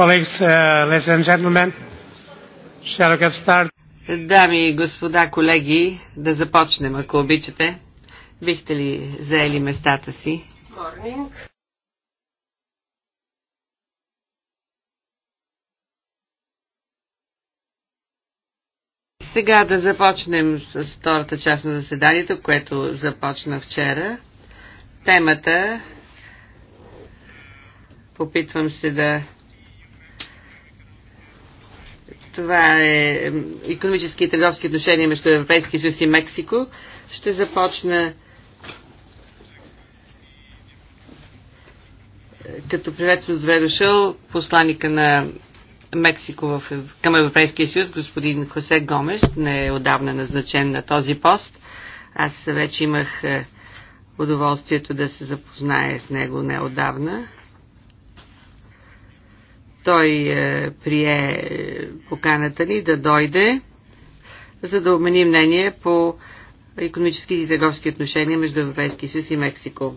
Colleagues, uh, ladies and gentlemen, shall get started? Дами и господа, колеги, да започнем, ако обичате. Бихте ли заели местата си? Morning. Сега да започнем с втората част на заседанието, което започна вчера. Темата попитвам се да това е економически и търговски отношения между Европейския съюз и Мексико. Ще започна е, като приветствам с добре дошъл посланика на Мексико в, към Европейския съюз, господин Хосе Гомеш, не е отдавна назначен на този пост. Аз вече имах е, удоволствието да се запозная с него неодавна. Той е, прие е, поканата ни да дойде, за да обмени мнение по економически и търговски отношения между Европейския съюз и Мексико.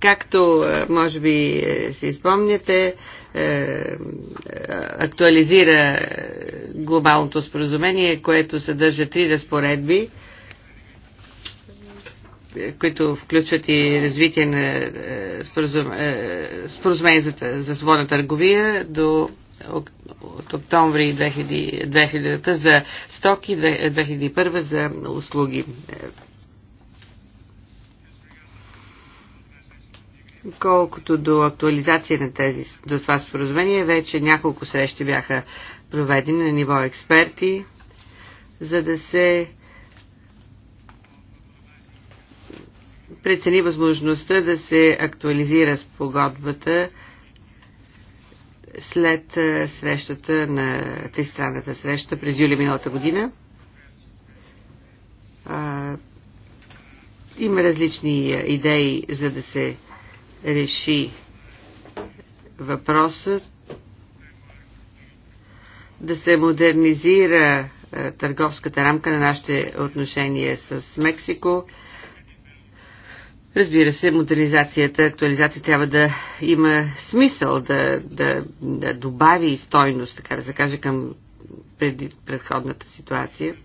Както е, може би е, си спомняте, актуализира глобалното споразумение, което съдържа три разпоредби – които включват и развитие на е, е, споразумение за, за свободна търговия до от октомври 2000, 2000 за стоки, 2001 за услуги. Колкото до актуализация на тези, до това споразумение, вече няколко срещи бяха проведени на ниво експерти, за да се прецени възможността да се актуализира спогодбата след срещата на тристранната среща през юли миналата година. А, има различни идеи за да се реши въпросът да се модернизира търговската рамка на нашите отношения с Мексико, Разбира се, модернизацията, актуализация трябва да има смисъл, да, да, да добави стойност, така да се каже, към пред, предходната ситуация.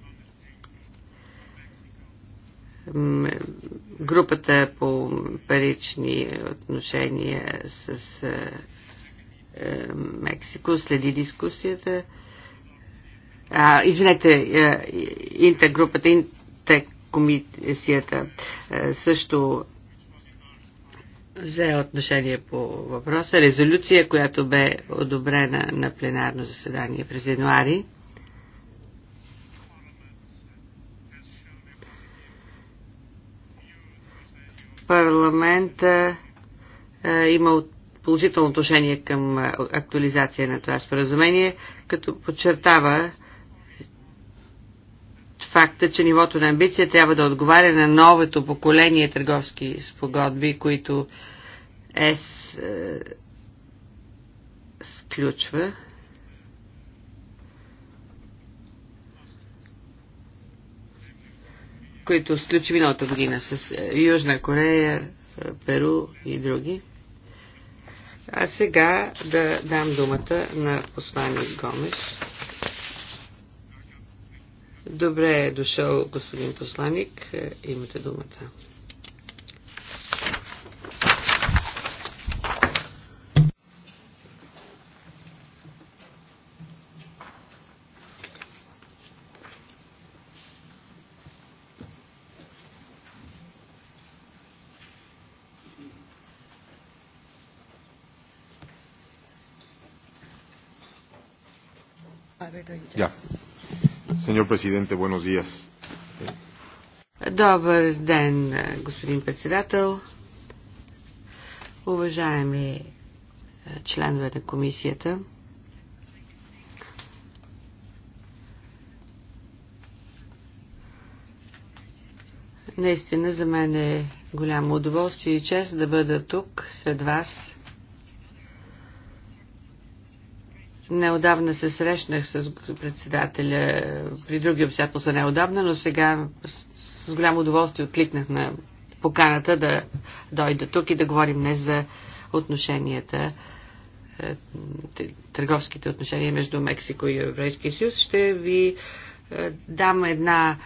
Групата по парични отношения с е, е, Мексико следи дискусията. А, извинете, е, интергрупата, интеркомисията също взе отношение по въпроса. Резолюция, която бе одобрена на пленарно заседание през януари. Парламента е, има положително отношение към е, актуализация на това споразумение, като подчертава, факта, че нивото на амбиция трябва да отговаря на новото поколение търговски спогодби, които ЕС е, сключва. които сключи миналата година с е, Южна Корея, е, Перу и други. А сега да дам думата на посланник Гомеш. Добре е дошъл, господин посланник. Е, имате думата. Señor presidente, buenos días. Добър ден, господин председател. Уважаеми е, членове на комисията, наистина за мен е голямо удоволствие и чест да бъда тук сред вас Неодавна се срещнах с председателя при други обстоятелства неодавна, но сега с голямо удоволствие откликнах на поканата да дойда тук и да говорим днес за отношенията, е, търговските отношения между Мексико и Европейския съюз. Ще ви е, дам една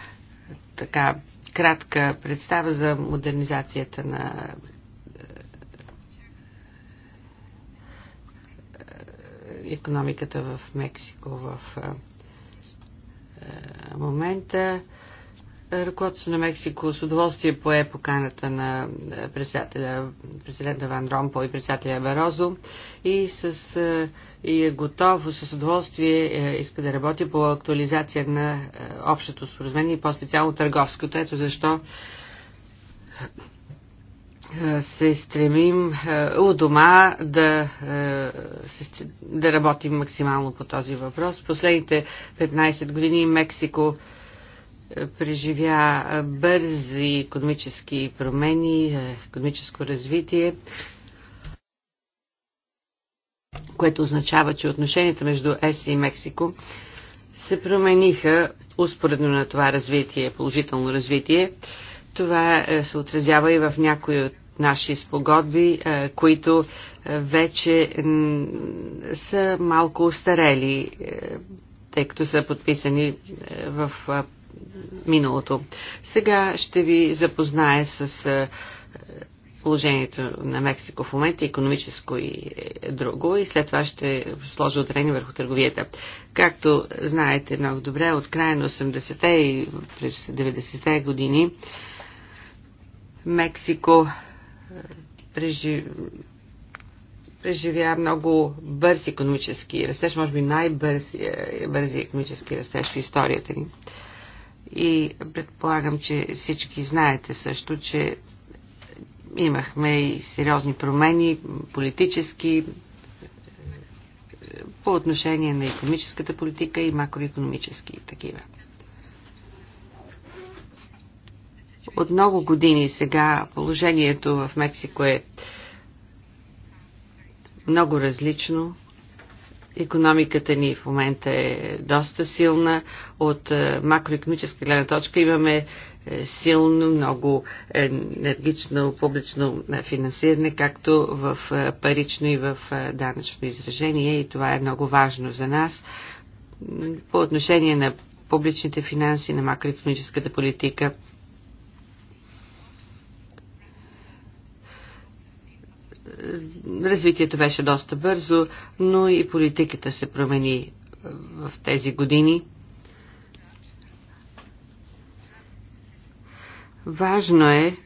така кратка представа за модернизацията на економиката в Мексико в момента. Ръководството на Мексико с удоволствие пое поканата на председателя, президента Ван Ромпо и председателя Барозо и, с, и е готово с удоволствие иска да работи по актуализация на общото споразумение и по-специално търговското. Ето защо е, се стремим е, у дома да, е, да работим максимално по този въпрос. Последните 15 години Мексико преживя бързи економически промени, економическо развитие, което означава, че отношенията между ЕС и Мексико се промениха успоредно на това развитие, положително развитие. Това се отразява и в някои от наши спогодби, е, които е, вече са малко устарели, е, тъй като са подписани в миналото. Сега ще ви запозная с положението на Мексико в момента, економическо и друго, и след това ще сложа отрени върху търговията. Както знаете много добре, от края на 80-те и през 90-те години Мексико прежив... преживя много бърз економически растеж, може би най-бързи е, е, економически растеж в историята ни. И предполагам, че всички знаете също, че имахме и сериозни промени политически е, по отношение на економическата политика и макроекономически такива. От много години сега положението в Мексико е много различно. Економиката ни в момента е доста силна. От е, макроекономическа гледна точка имаме е, силно, много енергично публично е, финансиране, както в парично и в данъчно изражение. И това е много важно за нас. По отношение на публичните финанси, на макроекономическата политика, развитието беше доста бързо, но и политиката се промени е, в тези години. Важно е,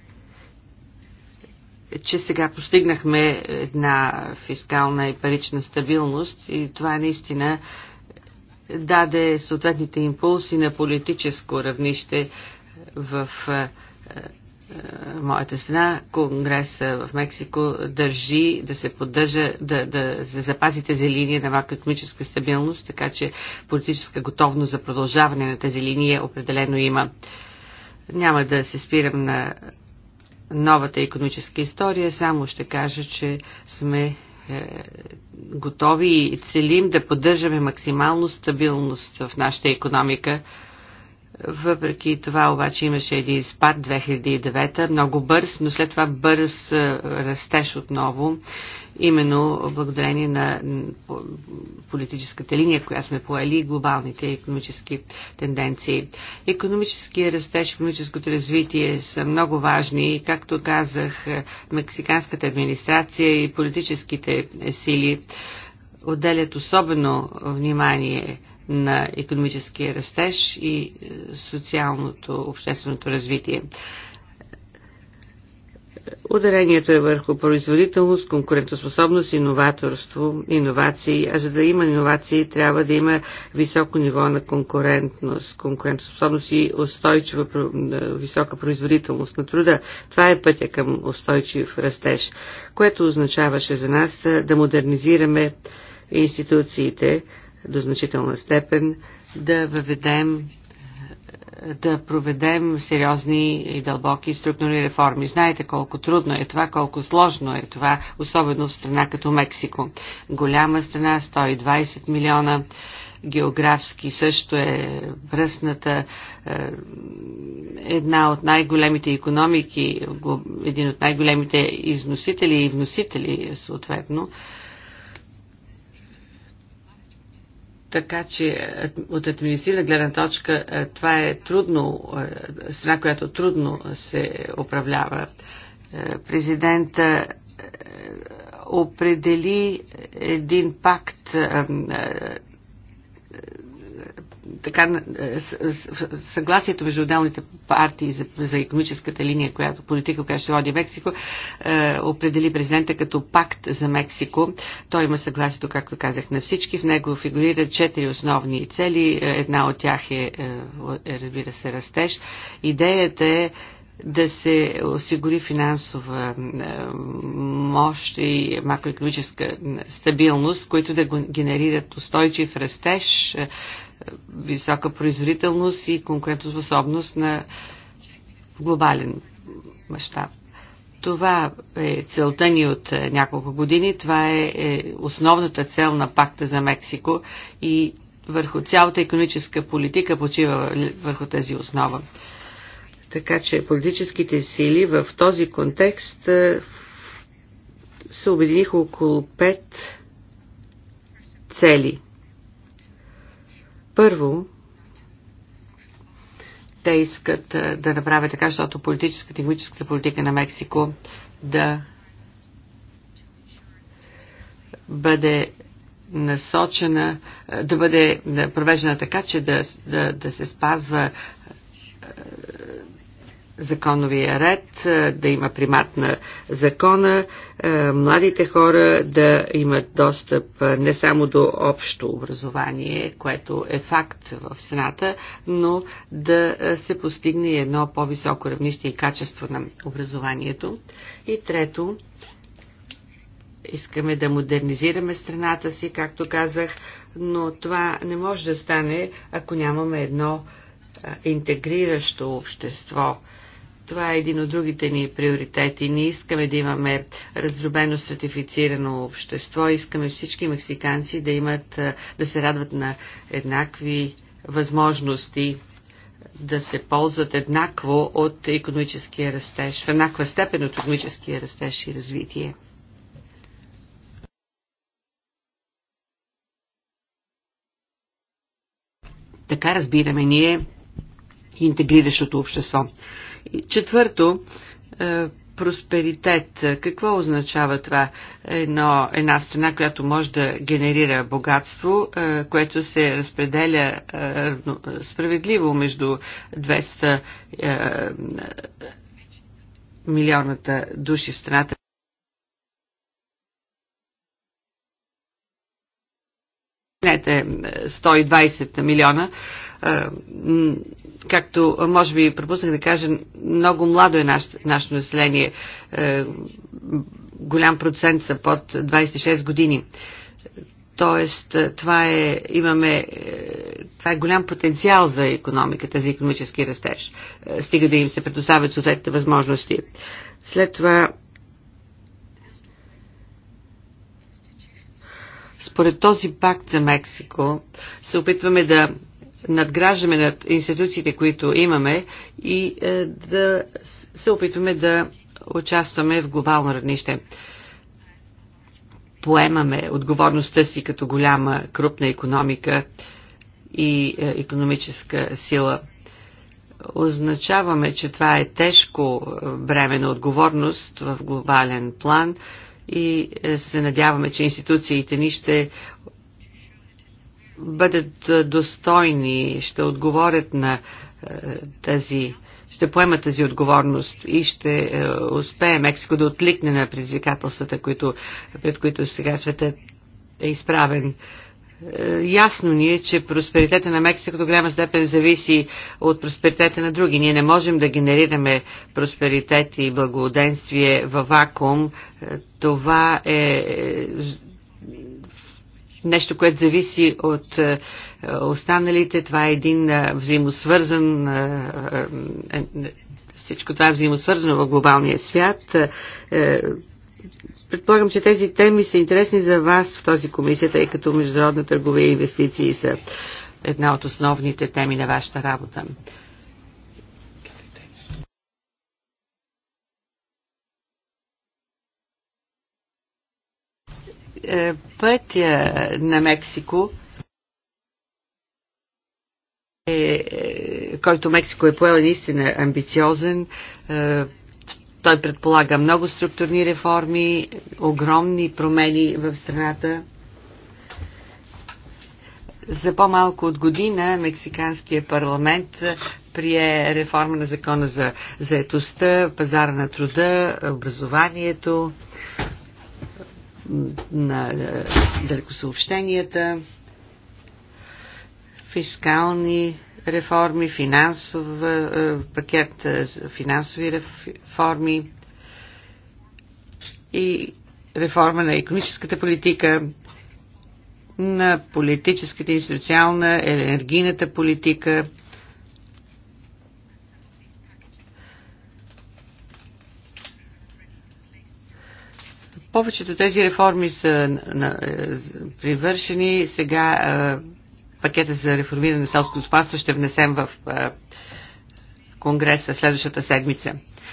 че сега постигнахме една фискална и парична стабилност и това наистина даде съответните импулси на политическо равнище в е, е, моята страна, Конгреса в Мексико държи да се поддържа, да, да запази тези линии на макроекономическа стабилност, така че политическа готовност за продължаване на тези линии определено има. Няма да се спирам на новата економическа история, само ще кажа, че сме е, готови и целим да поддържаме максимално стабилност в нашата економика въпреки това обаче имаше един спад 2009, много бърз, но след това бърз растеж отново, именно благодарение на политическата линия, която сме поели, глобалните економически тенденции. Економическия растеж, економическото развитие са много важни. Както казах, мексиканската администрация и политическите сили отделят особено внимание на економическия растеж и е, социалното, общественото развитие. Ударението е върху производителност, конкурентоспособност, иноваторство, иновации, а за да има иновации трябва да има високо ниво на конкурентност, конкурентоспособност и устойчива е, висока производителност на труда. Това е пътя към устойчив растеж, което означаваше за нас да модернизираме институциите, до значителна степен да въведем да проведем сериозни и дълбоки структурни реформи. Знаете колко трудно е това, колко сложно е това, особено в страна като Мексико. Голяма страна, 120 милиона, географски също е връзната е, една от най-големите економики, един от най-големите износители и вносители съответно Така че е, от административна гледна точка е, това е трудно, е, страна, която трудно се управлява. Президента определи един пакт, така, е, съгласието между отделните партии за, за економическата линия, която политика, която ще води Мексико, е, определи президента като пакт за Мексико. Той има съгласието, както казах, на всички. В него фигурират четири основни цели. Е, една от тях е, е разбира се, растеж. Идеята е да се осигури финансова мощ и макроекономическа стабилност, които да генерират устойчив растеж, е, висока производителност и конкурентоспособност на глобален мащаб. Това е целта ни от е, няколко години. Това е, е основната цел на пакта за Мексико и върху цялата економическа политика почива върху тази основа. Така че политическите сили в този контекст е, се обединиха около пет цели. Първо, те искат е, да направят така, защото политическата и економическата политика на Мексико да бъде насочена, е, да бъде провеждана така, че да, да, да се спазва законовия ред, е, да има примат на закона, е, младите хора да имат достъп е, не само до общо образование, което е факт в страната, но да се постигне едно по-високо равнище и качество на образованието. И трето, искаме да модернизираме страната си, както казах, но това не може да стане, ако нямаме едно интегриращо общество, това е един от другите ни приоритети. Ние искаме да имаме раздробено стратифицирано общество. Искаме всички мексиканци да имат, да се радват на еднакви възможности да се ползват еднакво от економическия растеж, в еднаква степен от економическия растеж и развитие. Така разбираме ние интегриращото общество. Четвърто, е, просперитет. Какво означава това? Едно, една страна, която може да генерира богатство, е, което се разпределя е, справедливо между 200 милионата души в страната. извинете, 120 милиона. Както може би пропуснах да кажа, много младо е наш, нашето население. Голям процент са под 26 години. Тоест, това е, имаме, е, това е голям потенциал за економиката, за економически растеж. Е, стига да им се предоставят съответните възможности. След това Според този пакт за Мексико се опитваме да надграждаме над институциите, които имаме и е, да се опитваме да участваме в глобално равнище. Поемаме отговорността си като голяма крупна економика и економическа сила. Означаваме, че това е тежко е, време на отговорност в глобален план – и е, се надяваме, че институциите ни ще бъдат е, достойни, ще отговорят на е, тази ще поемат тази отговорност и ще успее Мексико да отликне на предизвикателствата, които, пред които сега светът е изправен. Е, ясно ни е, че просперитета на Мексико до голяма степен зависи от просперитета на други. Ние не можем да генерираме просперитет и благоденствие във вакуум. Е, това е, е нещо, което зависи от останалите. Това е един взаимосвързан всичко това е взаимосвързано в глобалния свят. Предполагам, че тези теми са интересни за вас в този комисия, тъй като международна търговия и инвестиции са една от основните теми на вашата работа. Е, пътя на Мексико е, е, който Мексико е поел, наистина амбициозен. Той предполага много структурни реформи, огромни промени в страната. За по-малко от година Мексиканския парламент прие реформа на закона за заетостта, пазара на труда, образованието, на е, далекосъобщенията, фискални реформи, финансов е, пакет, е, финансови реформи и реформа на економическата политика, на политическата и социална, енергийната политика. Повечето тези реформи са е, привършени. Сега пакета за реформиране на селското стопанство ще внесем в е, Конгреса следващата седмица.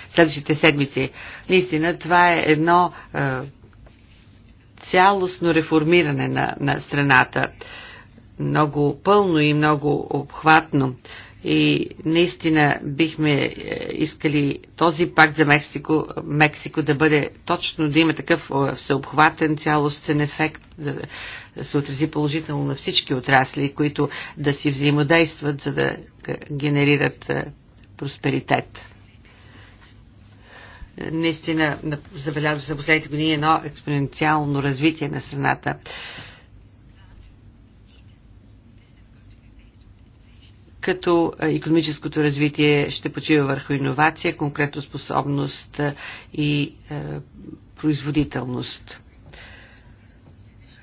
Следващите седмици. Наистина, това е едно е, цялостно реформиране на, на страната. Много пълно и много обхватно. Е, и наистина бихме е, искали този пакт за Мексико, Мексико да бъде точно, да има такъв е, всеобхватен цялостен ефект, да се отрази положително на всички отрасли, които да си взаимодействат, за да генерират е, просперитет наистина забелязвам за последните години едно експоненциално развитие на страната. като економическото развитие ще почива върху иновация, конкретоспособност и производителност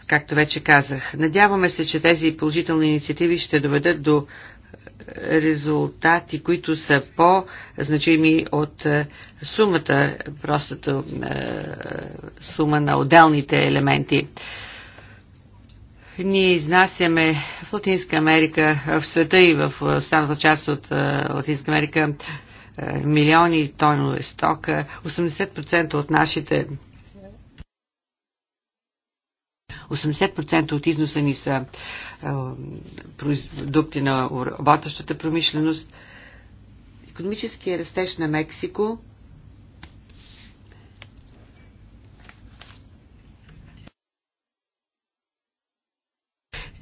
както вече казах. Надяваме се, че тези положителни инициативи ще доведат до резултати, които са по-значими от сумата, простата сума на отделните елементи ние изнасяме в Латинска Америка, в света и в останата част от е, Латинска Америка е, милиони тонове стока. 80% от нашите 80% от износа ни са е, продукти на работещата промишленост. Економическия растеж на Мексико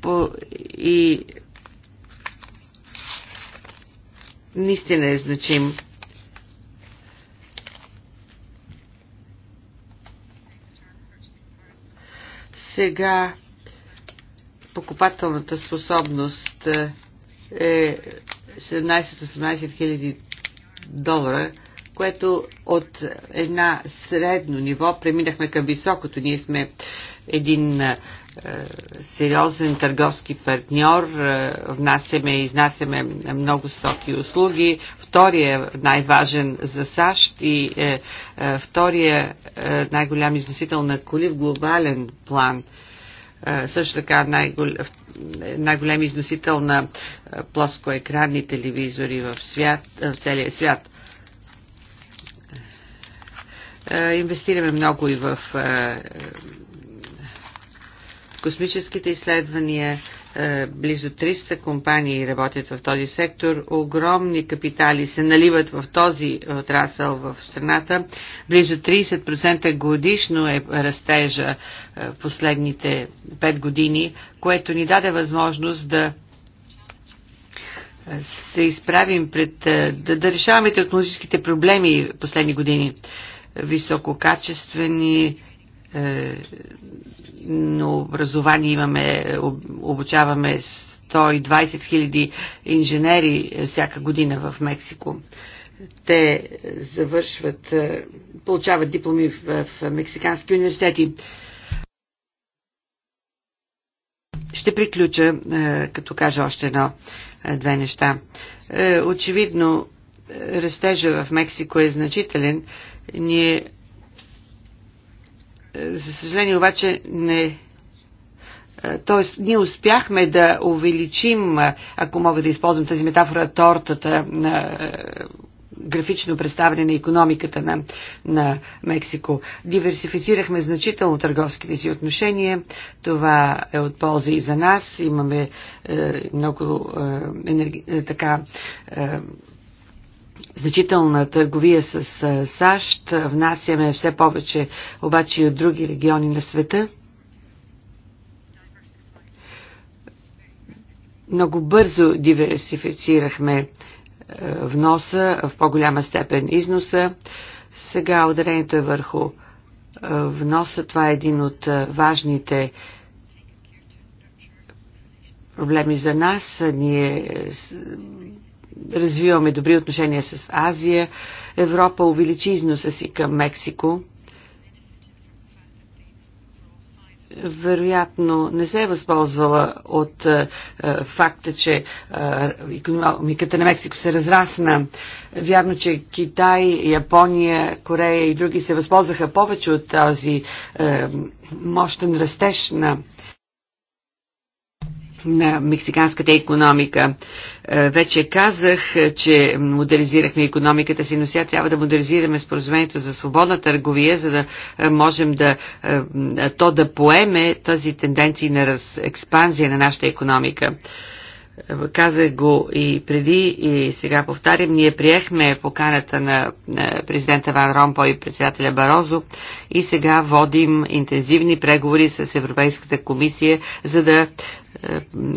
по, и наистина е значим. Сега покупателната способност е 17-18 е хиляди долара, което от една средно ниво преминахме към високото. Ние сме един е, сериозен търговски партньор, е, внасяме и изнасяме много стоки и услуги. Втория е най-важен за САЩ и втория най-голям износител на коли в глобален план. Също така най-голям най износител на плоскоекранни телевизори в, свят, в целия свят инвестираме много и в Космическите изследвания, е, близо 300 компании работят в този сектор, огромни капитали се наливат в този отрасъл в страната, близо 30% годишно е растежа е, последните 5 години, което ни даде възможност да е, се изправим пред да, да решаваме технологическите проблеми последни години. Висококачествени е, на образование имаме, обучаваме 120 хиляди инженери е, всяка година в Мексико. Те завършват, е, получават дипломи в, в мексикански университети. Ще приключа, като кажа още едно, две неща. Очевидно, растежа в Мексико е значителен. Ние за съжаление обаче не. Е, Тоест, ние успяхме да увеличим, е, ако мога да използвам тази метафора, тортата на е, графично представяне на економиката на, на Мексико. Диверсифицирахме значително търговските си отношения. Това е от полза и за нас. Имаме е, много е, енерги... така. Е, значителна търговия с САЩ, внасяме все повече обаче и от други региони на света. Много бързо диверсифицирахме вноса, в по-голяма степен износа. Сега ударението е върху вноса. Това е един от важните проблеми за нас. Ние развиваме добри отношения с Азия. Европа увеличи износа си към Мексико. Вероятно не се е възползвала от е, е факта, че е, економиката на Мексико се разрасна. Вярно, че Китай, Япония, Корея и други се възползваха повече от този е, мощен растеж на е, на мексиканската економика. Е, вече казах, че модернизирахме економиката си, но сега трябва да модернизираме споразумението за свободна търговия, за да е, можем да, е, то да поеме тази тенденции на експанзия на нашата економика. Е, казах го и преди и сега повтарям, ние приехме поканата на президента Ван Ромпо и председателя Барозо и сега водим интензивни преговори с Европейската комисия, за да е,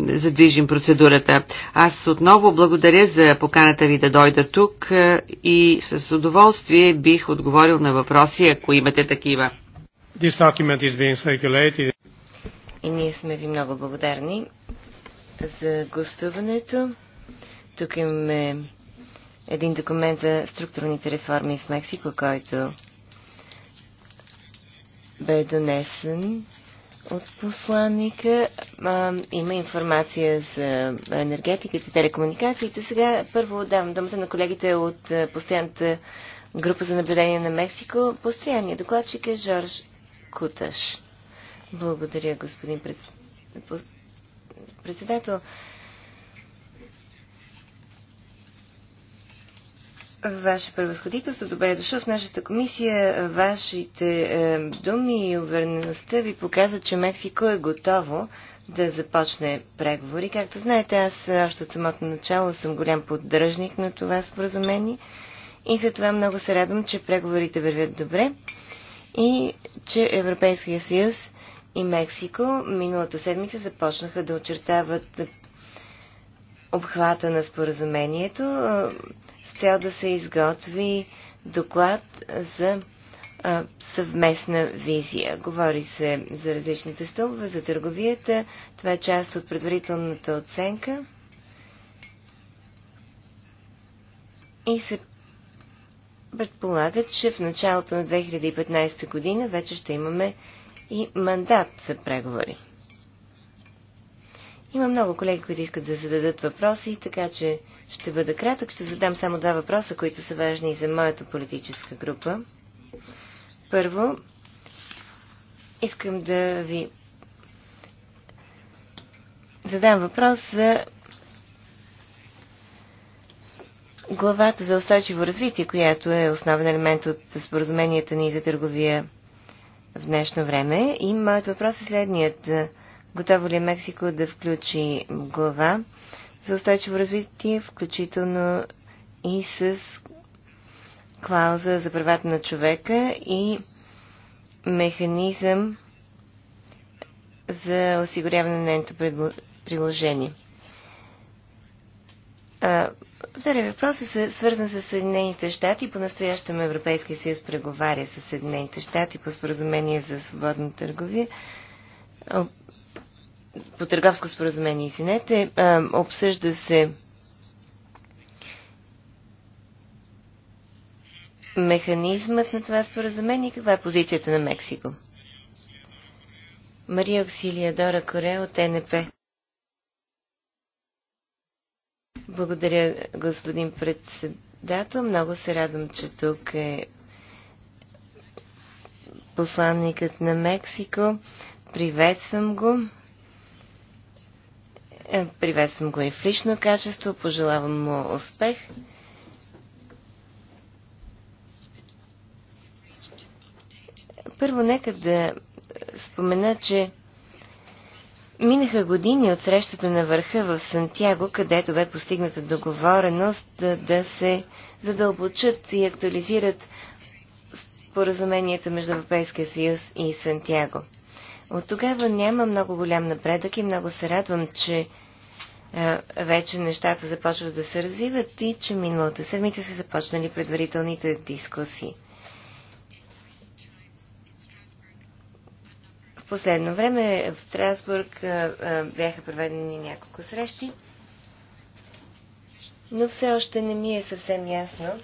задвижим процедурата. Аз отново благодаря за поканата ви да дойда тук е, и с удоволствие бих отговорил на въпроси, ако имате такива. И ние сме ви много благодарни за гостуването. Тук имаме един документ за структурните реформи в Мексико, който бе донесен от посланника. А, има информация за енергетиката и телекомуникациите. Сега първо давам думата на колегите от постоянната група за наблюдение на Мексико. Постоянният докладчик е Жорж Куташ. Благодаря, господин председател председател. Ваше превъзходителство, добре е дошъл в нашата комисия. Вашите е, думи и увереността ви показват, че Мексико е готово да започне преговори. Както знаете, аз още от самото начало съм голям поддръжник на това споразумение и за това много се радвам, че преговорите вървят добре и че Европейския съюз и Мексико миналата седмица започнаха да очертават обхвата на споразумението с цел да се изготви доклад за съвместна визия. Говори се за различните стълбове, за търговията. Това е част от предварителната оценка. И се предполага, че в началото на 2015 година вече ще имаме и мандат за преговори. Има много колеги, които искат да зададат въпроси, така че ще бъда кратък. Ще задам само два въпроса, които са важни и за моята политическа група. Първо, искам да ви задам въпрос за главата за устойчиво развитие, която е основен елемент от споразуменията ни за търговия в днешно време. И моят въпрос е следният. Готово ли е Мексико да включи глава за устойчиво развитие, включително и с клауза за правата на човека и механизъм за осигуряване на нейното приложение. Втория въпрос е свързан с Съединените щати. По-настоящем Европейския съюз преговаря с Съединените щати по споразумение за свободна търговия. По търговско споразумение, извинете, обсъжда се механизмът на това споразумение каква е позицията на Мексико. Мария Оксилия Дора Коре от НП. Благодаря, господин председател. Много се радвам, че тук е посланникът на Мексико. Приветствам го. Е, приветствам го и в лично качество. Пожелавам му успех. Първо, нека да спомена, че Минаха години от срещата на върха в Сантьяго, където бе постигната договореност да, се задълбочат и актуализират споразуменията между Европейския съюз и Сантьяго. От тогава няма много голям напредък и много се радвам, че а, вече нещата започват да се развиват и че миналата седмица са започнали предварителните дискусии. В последно време в Страсбург бяха проведени няколко срещи, но все още не ми е съвсем ясно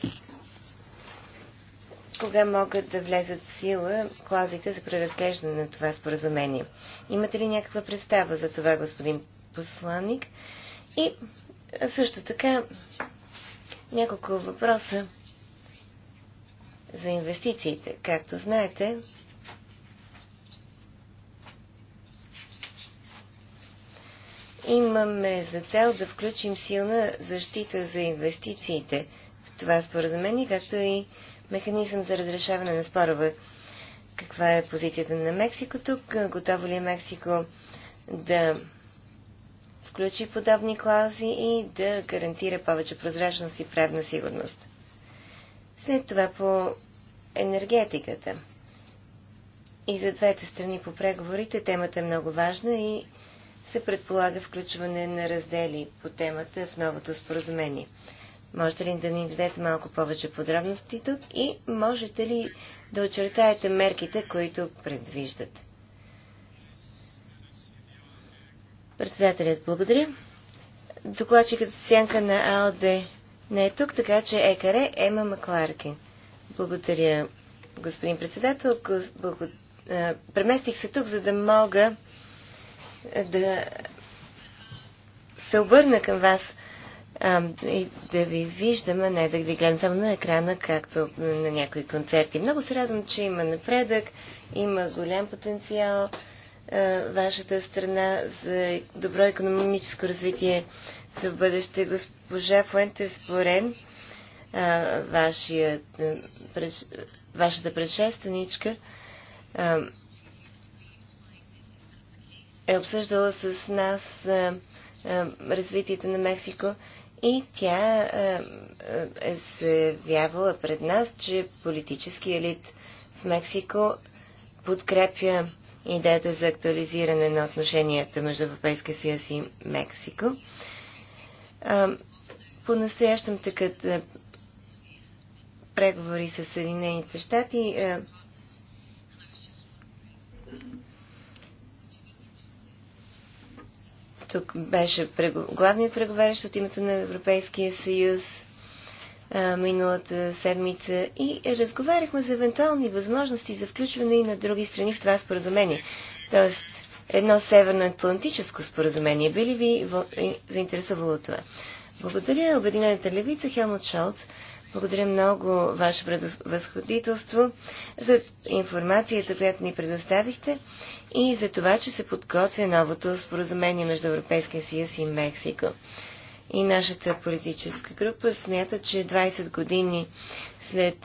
кога могат да влезат в сила клазите за преразглеждане на това споразумение. Имате ли някаква представа за това, господин посланник? И също така няколко въпроса за инвестициите. Както знаете, имаме за цел да включим силна защита за инвестициите в това споразумение, както и механизъм за разрешаване на спорове. Каква е позицията на Мексико тук? Готово ли е Мексико да включи подобни клаузи и да гарантира повече прозрачност и правна сигурност? След това по енергетиката. И за двете страни по преговорите темата е много важна и се предполага включване на раздели по темата в новото споразумение. Можете ли да ни дадете малко повече подробности тук и можете ли да очертаете мерките, които предвиждате? Председателят благодаря. Докладчикът сянка на АЛД не е тук, така че екаре Ема Макларкин. Благодаря, господин председател. Преместих се тук, за да мога да се обърна към вас а, и да ви виждам, а не да ви гледам само на екрана, както на някои концерти. Много се радвам, че има напредък, има голям потенциал а, вашата страна за добро економическо развитие за бъдеще. Госпожа Фуенте Спорен, вашият, вашата предшественичка, е обсъждала с нас а, а, развитието на Мексико и тя а, е заявявала пред нас, че политически елит в Мексико подкрепя идеята за актуализиране на отношенията между Европейския съюз и Мексико. По-настоящем тъкат преговори с Съединените щати. Тук беше главният преговарящ от името на Европейския съюз миналата седмица и разговаряхме за евентуални възможности за включване и на други страни в това споразумение. Тоест, едно Северно-Атлантическо споразумение. били ви заинтересувало това? Благодаря. Обединената левица Хелмут Шолц. Благодаря много, Ваше Възходителство, за информацията, която ни предоставихте и за това, че се подготвя новото споразумение между Европейския съюз и Мексико. И нашата политическа група смята, че 20 години след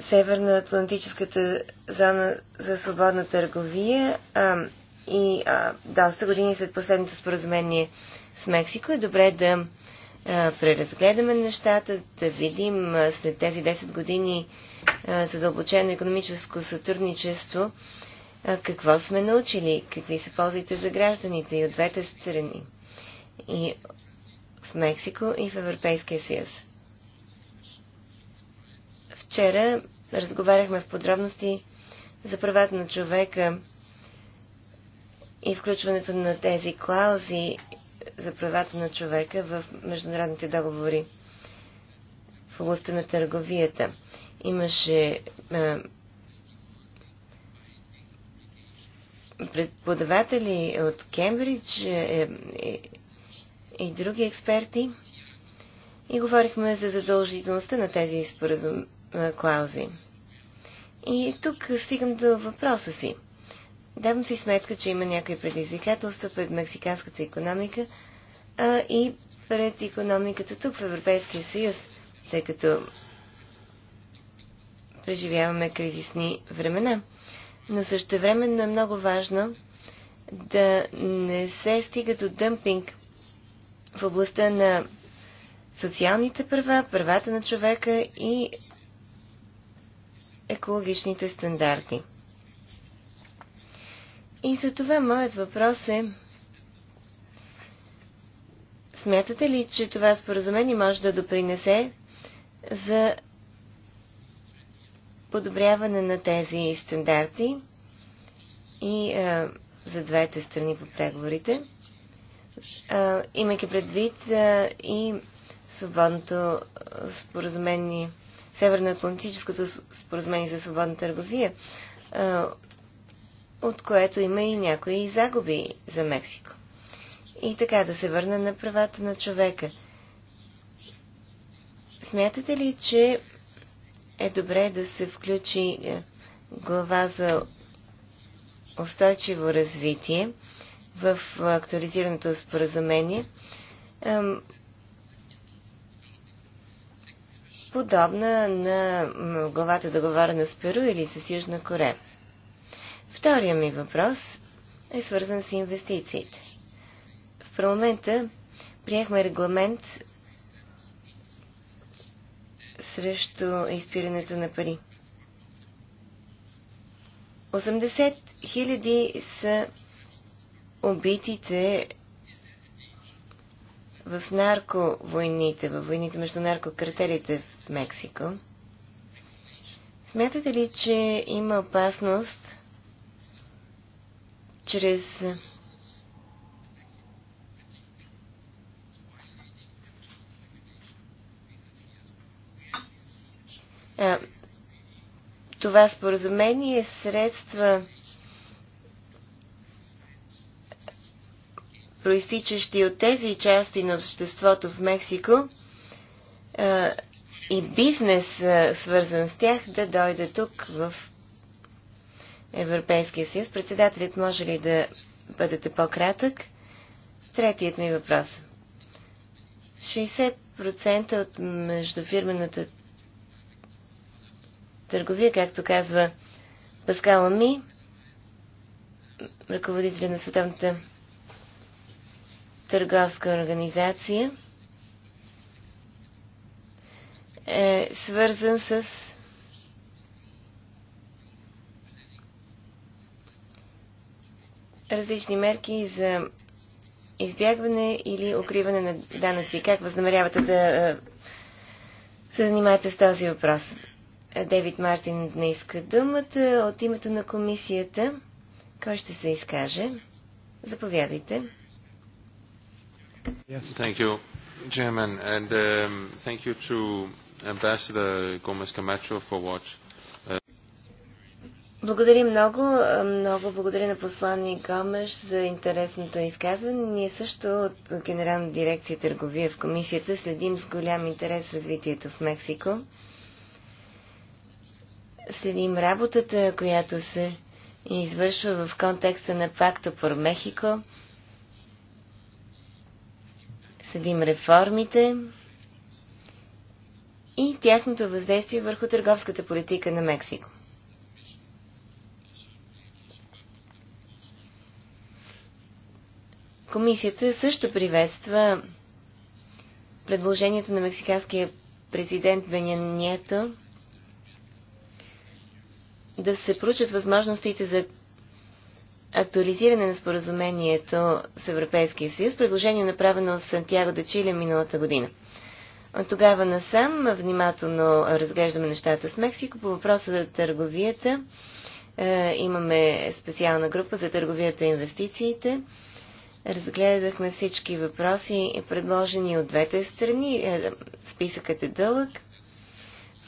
Северноатлантическата зона за свободна търговия а, и а, доста години след последното споразумение с Мексико е добре да е, преразгледаме нещата, да видим е, след тези 10 години е, задълбочено економическо сътрудничество какво сме научили, какви са ползите за гражданите и от двете страни. И в Мексико и в Европейския съюз. Вчера разговаряхме в подробности за правата на човека и включването на тези клаузи за правата на човека в международните договори в областта на търговията. Имаше а, преподаватели от Кембридж е, е, и други експерти и говорихме за задължителността на тези споразум... клаузи. И тук стигам до въпроса си. Давам си сметка, че има някои предизвикателства пред мексиканската економика, а и пред економиката тук в Европейския съюз, тъй като преживяваме кризисни времена. Но същевременно е много важно да не се стига до дъмпинг в областта на социалните права, правата на човека и екологичните стандарти. И за това моят въпрос е Смятате ли, че това споразумение може да допринесе за подобряване на тези стандарти и а, за двете страни по преговорите, а, имайки предвид а, и свободното споразумение, Северно-Атлантическото споразумение за свободна търговия, а, от което има и някои загуби за Мексико и така да се върна на правата на човека. Смятате ли, че е добре да се включи е, глава за устойчиво развитие в актуализираното споразумение, подобна на главата договорена с Перу или с Южна Корея? Втория ми въпрос е свързан с инвестициите. В парламента приехме регламент срещу изпирането на пари. 80 хиляди са убитите в нарковойните, във войните между наркокартелите в Мексико. Смятате ли, че има опасност чрез това споразумение средства, проистичащи от тези части на обществото в Мексико а, и бизнес, а, свързан с тях, да дойде тук в Европейския съюз. Председателят може ли да бъдете по-кратък? Третият ми въпрос. 60% от междуфирмената търговия, както казва Паскала Ми, ръководителя на Световната търговска организация, е свързан с различни мерки за избягване или укриване на данъци. Как възнамерявате да е, се занимаете с този въпрос? Девид Мартин не иска думата. От името на комисията, кой ще се изкаже? Заповядайте. Yes. Thank you, Chairman, and um, thank you to Ambassador Gomez Camacho for what. Uh, благодаря много. Много благодаря на посланник Гомеш за интересното изказване. Ние също от Генерална дирекция търговия в комисията следим с голям интерес развитието в Мексико следим работата, която се извършва в контекста на Пакто по Мехико. Следим реформите и тяхното въздействие върху търговската политика на Мексико. Комисията също приветства предложението на мексиканския президент Бенянието да се проучат възможностите за актуализиране на споразумението с Европейския съюз, предложение направено в Сантьяго де Чили миналата година. От тогава насам внимателно разглеждаме нещата с Мексико. По въпроса за търговията е, имаме специална група за търговията и инвестициите. Разгледахме всички въпроси, предложени от двете страни. Е, списъкът е дълъг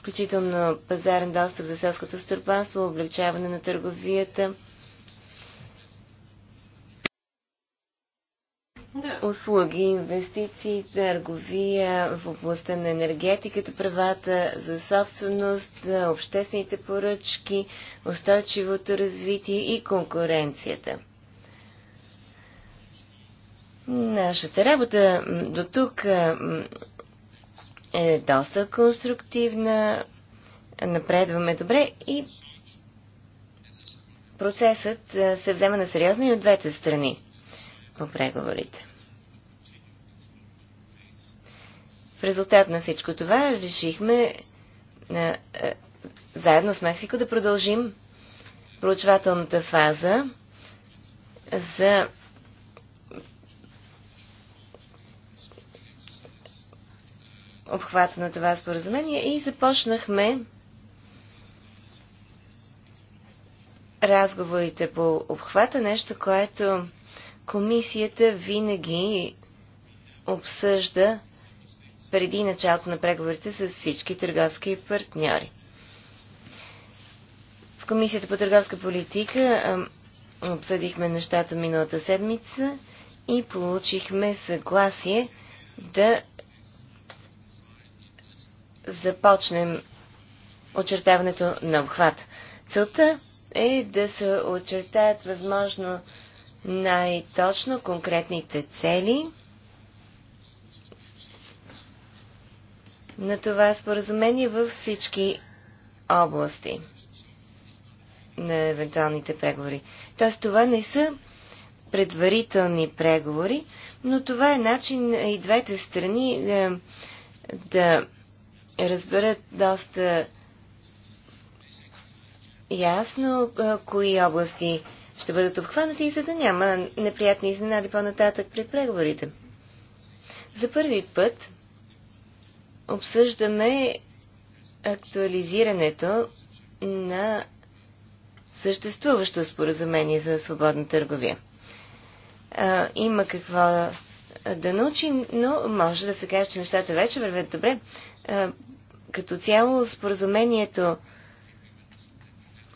включително пазарен достъп за селското стърпанство, облегчаване на търговията, да. услуги, инвестиции, търговия в областта на енергетиката, правата за собственост, обществените поръчки, устойчивото развитие и конкуренцията. Нашата работа до тук е доста конструктивна, напредваме добре и процесът се взема на сериозно и от двете страни по преговорите. В резултат на всичко това решихме на, заедно с Мексико да продължим проучвателната фаза за обхвата на това споразумение и започнахме разговорите по обхвата, нещо, което комисията винаги обсъжда преди началото на преговорите с всички търговски партньори. В Комисията по търговска политика обсъдихме нещата миналата седмица и получихме съгласие да започнем очертаването на обхват. Целта е да се очертаят възможно най-точно конкретните цели на това споразумение във всички области на евентуалните преговори. Тоест това не са предварителни преговори, но това е начин и двете страни е, да, да разберат доста ясно кои области ще бъдат обхванати и за да няма неприятни изненади по-нататък при преговорите. За първи път обсъждаме актуализирането на съществуващо споразумение за свободна търговия. Има какво да научим, но може да се каже, че нещата вече вървят добре. Като цяло споразумението,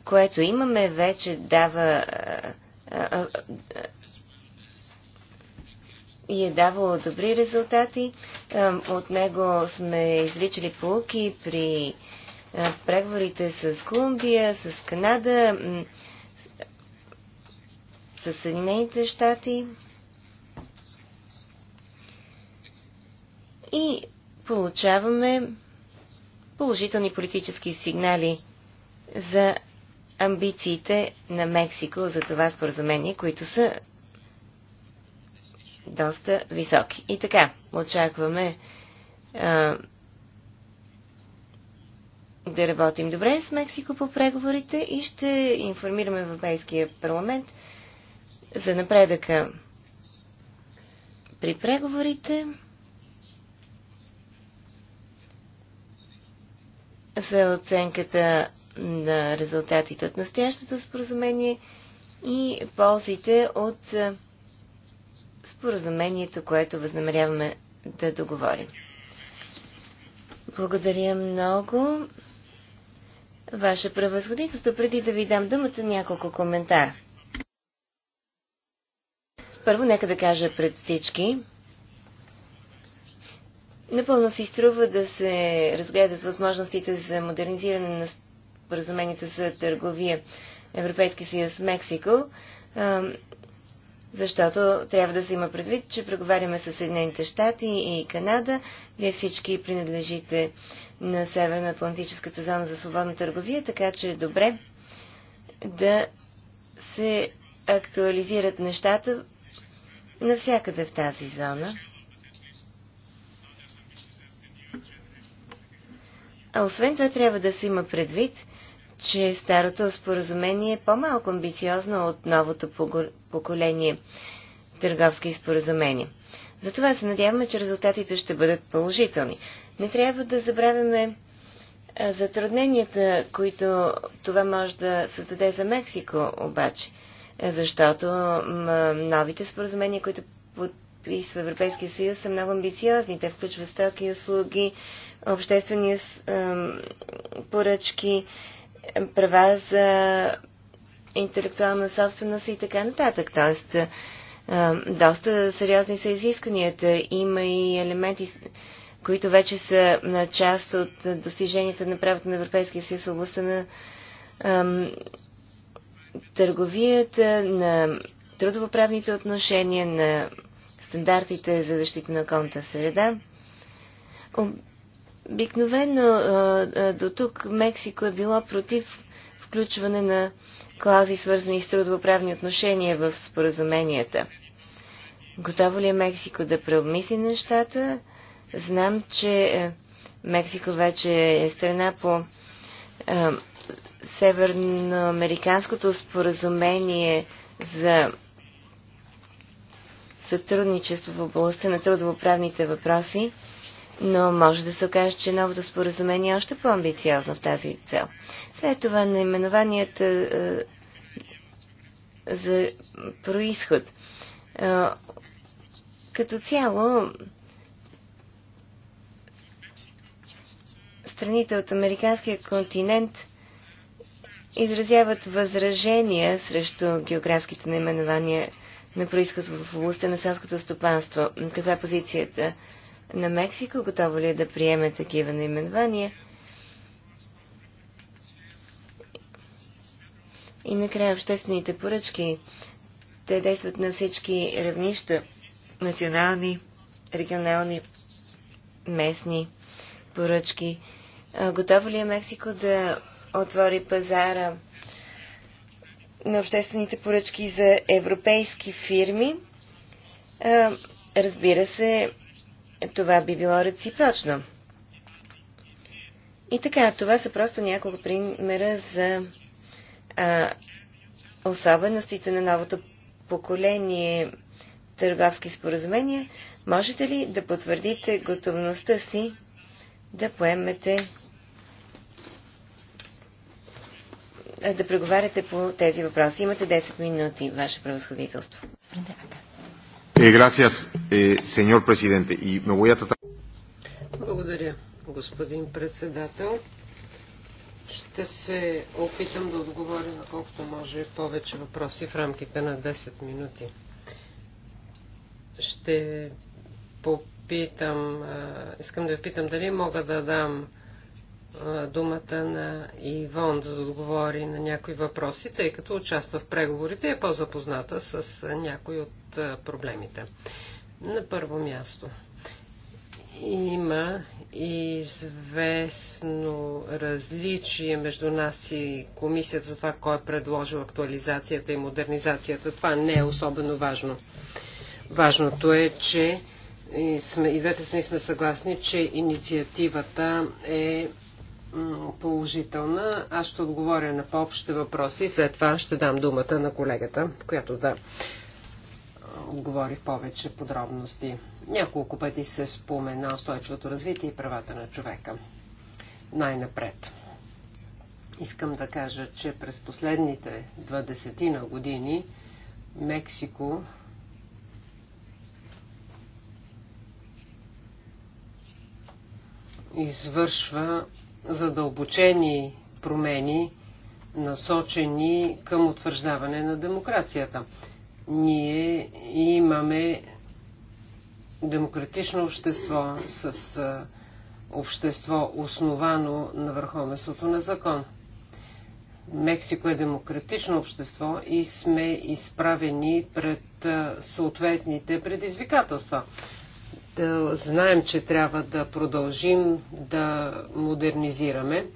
което имаме, вече дава и е давало добри резултати. От него сме извличали полуки при преговорите с Колумбия, с Канада, с Съединените щати. и получаваме положителни политически сигнали за амбициите на Мексико за това споразумение, които са доста високи. И така, очакваме а, да работим добре с Мексико по преговорите и ще информираме Европейския парламент за напредъка при преговорите. за оценката на резултатите от настоящото споразумение и ползите от споразумението, което възнамеряваме да договорим. Благодаря много. Ваше превъзходителство, преди да ви дам думата, няколко коментара. Първо, нека да кажа пред всички, Напълно се изтрува да се разгледат възможностите за модернизиране на споразуменията за търговия Европейски съюз Мексико, защото трябва да се има предвид, че преговаряме с Съединените щати и Канада. Вие всички принадлежите на Северно-Атлантическата зона за свободна търговия, така че е добре да се актуализират нещата навсякъде в тази зона. А освен това трябва да се има предвид, че старото споразумение е по-малко амбициозно от новото поколение търговски споразумения. Затова се надяваме, че резултатите ще бъдат положителни. Не трябва да забравяме затрудненията, които това може да създаде за Мексико, обаче, е, защото новите споразумения, които подписва Европейския съюз, са много амбициозни. Те включват стоки и услуги, обществени поръчки, права за интелектуална собственост и така нататък. Тоест, доста сериозни са изискванията. Има и елементи, които вече са на част от достиженията на правото на Европейския съюз в областта на търговията, на трудовоправните отношения, на стандартите за защита на околната среда. Обикновено до тук Мексико е било против включване на клази, свързани с трудовоправни отношения в споразуменията. Готово ли е Мексико да преобмисли нещата? Знам, че е, Мексико вече е страна по е, Северноамериканското споразумение за сътрудничество в областта на трудовоправните въпроси но може да се окаже, че новото споразумение е още по-амбициозно в тази цел. След това наименованията е, за происход. Е, като цяло, страните от американския континент изразяват възражения срещу географските наименования на происход в областта на селското стопанство. Каква е позицията на Мексико, готова ли е да приеме такива наименования. И накрая обществените поръчки. Те действат на всички равнища. Национални, регионални, местни поръчки. Готова ли е Мексико да отвори пазара на обществените поръчки за европейски фирми? Разбира се, това би било реципрочно. И така, това са просто няколко примера за а, особеностите на новото поколение търговски споразумения. Можете ли да потвърдите готовността си да поемете да преговаряте по тези въпроси. Имате 10 минути, Ваше превъзходителство. Да. Eh, gracias, eh, señor presidente. Y me voy a tratar... Благодаря, господин председател. Ще се опитам да отговоря на колкото може повече въпроси в рамките на 10 минути. Ще попитам, искам да ви питам дали мога да дам думата на Ивон, за да отговори на някои въпроси, тъй като участва в преговорите и е по-запозната с някои от проблемите. На първо място има известно различие между нас и комисията за това, кой е предложил актуализацията и модернизацията. Това не е особено важно. Важното е, че и, двете сме съгласни, че инициативата е положителна. Аз ще отговоря на по-общите въпроси и след това ще дам думата на колегата, която да отговори в повече подробности. Няколко пъти се спомена устойчивото развитие и правата на човека. Най-напред. Искам да кажа, че през последните 20 на години Мексико извършва задълбочени промени, насочени към утвърждаване на демокрацията. Ние имаме демократично общество с общество основано на върховенството на закон. Мексико е демократично общество и сме изправени пред съответните предизвикателства да знаем, че трябва да продължим да модернизираме.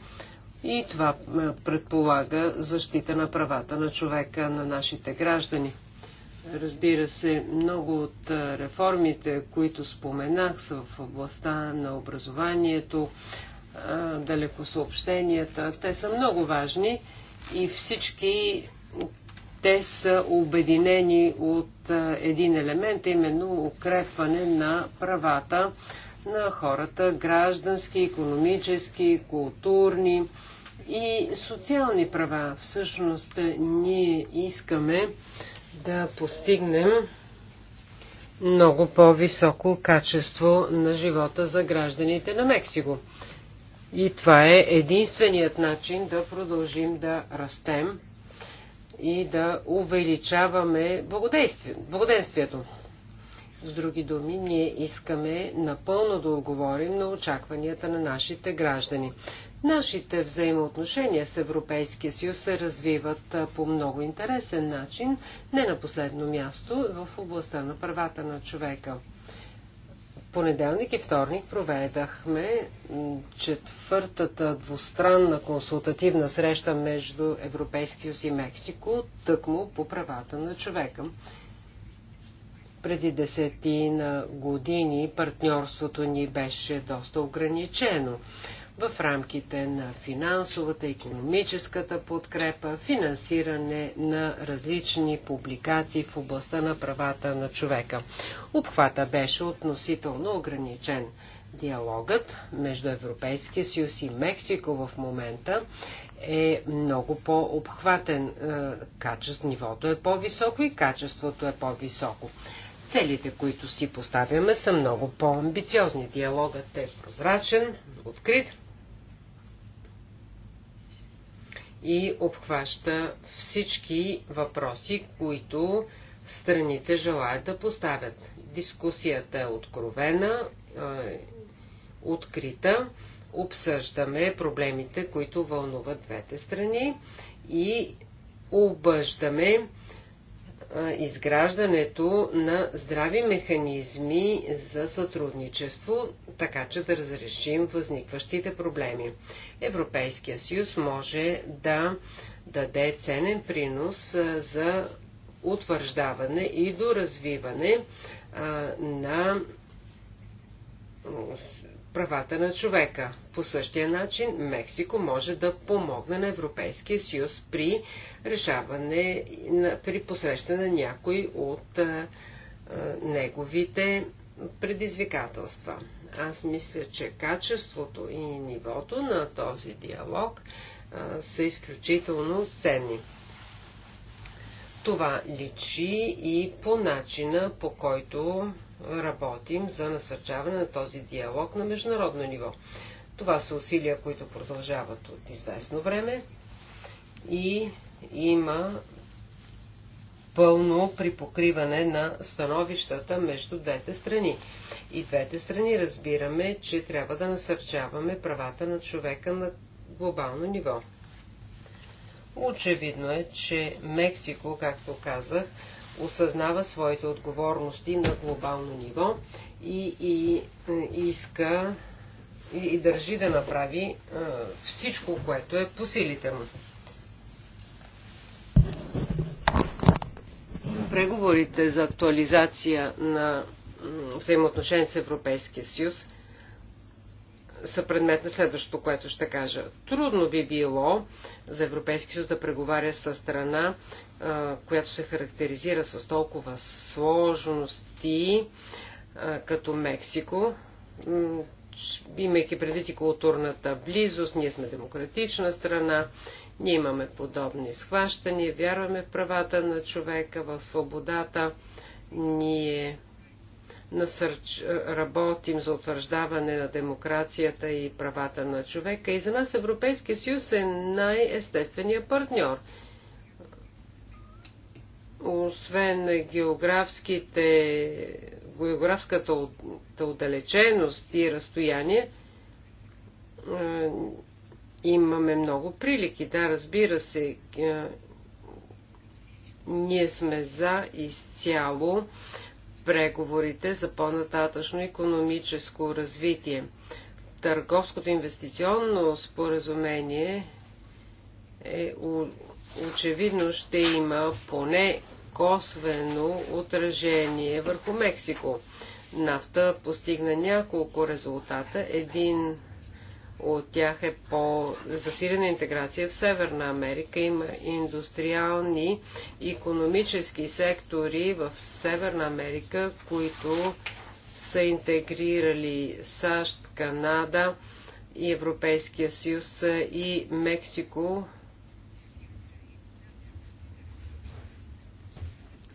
И това е, предполага защита на правата на човека, на нашите граждани. Разбира се, много от е, реформите, които споменах, са в областта на образованието, е, далекосъобщенията. Те са много важни и всички те са обединени от е, един елемент, именно укрепване на правата на хората, граждански, економически, културни и социални права. Всъщност е, ние искаме да постигнем много по-високо качество на живота за гражданите на Мексико. И това е единственият начин да продължим да растем и да увеличаваме благоденствието. С други думи, ние искаме напълно да отговорим на очакванията на нашите граждани. Нашите взаимоотношения с Европейския съюз се развиват по много интересен начин, не на последно място в областта на правата на човека понеделник и вторник проведахме четвъртата двустранна консултативна среща между Европейския съюз и Мексико, тъкмо по правата на човека. Преди десетина години партньорството ни беше доста ограничено в рамките на финансовата, економическата подкрепа, финансиране на различни публикации в областта на правата на човека. Обхвата беше относително ограничен. Диалогът между Европейския съюз и Мексико в момента е много по-обхватен. Е, Качество, нивото е по-високо и качеството е по-високо. Целите, които си поставяме, са много по-амбициозни. Диалогът е прозрачен, открит и обхваща всички въпроси, които страните желаят да поставят. Дискусията е откровена, открита. Обсъждаме проблемите, които вълнуват двете страни и объждаме изграждането на здрави механизми за сътрудничество, така че да разрешим възникващите проблеми. Европейския съюз може да даде ценен принос за утвърждаване и доразвиване на правата на човека. По същия начин Мексико може да помогне на Европейския съюз при решаване, при посрещане на някой от а, неговите предизвикателства. Аз мисля, че качеството и нивото на този диалог а, са изключително ценни. Това личи и по начина, по който работим за насърчаване на този диалог на международно ниво. Това са усилия, които продължават от известно време и има пълно припокриване на становищата между двете страни. И двете страни разбираме, че трябва да насърчаваме правата на човека на глобално ниво. Очевидно е, че Мексико, както казах, осъзнава своите отговорности на глобално ниво и, и, и е, иска и, и държи да направи а, е, всичко, което е по силите му. Преговорите за актуализация на взаимоотношения с Европейския съюз – са предмет на следващото, което ще кажа. Трудно би било за Европейски съюз да преговаря с страна, която се характеризира с толкова сложности, като Мексико. Имайки предвид и културната близост, ние сме демократична страна, ние имаме подобни схващания, вярваме в правата на човека, в свободата, ние насърч, е, работим за утвърждаване на демокрацията и правата на човека. И за нас Европейския съюз е най-естественият партньор. Освен географските, географската отдалеченост и разстояние, е, имаме много прилики. Да, разбира се, е, ние сме за изцяло преговорите за по-нататъчно економическо развитие. Търговското инвестиционно споразумение е очевидно ще има поне косвено отражение върху Мексико. Нафта постигна няколко резултата. Един от тях е по засилена интеграция в Северна Америка. Има индустриални и економически сектори в Северна Америка, които са интегрирали САЩ, Канада и Европейския съюз и Мексико.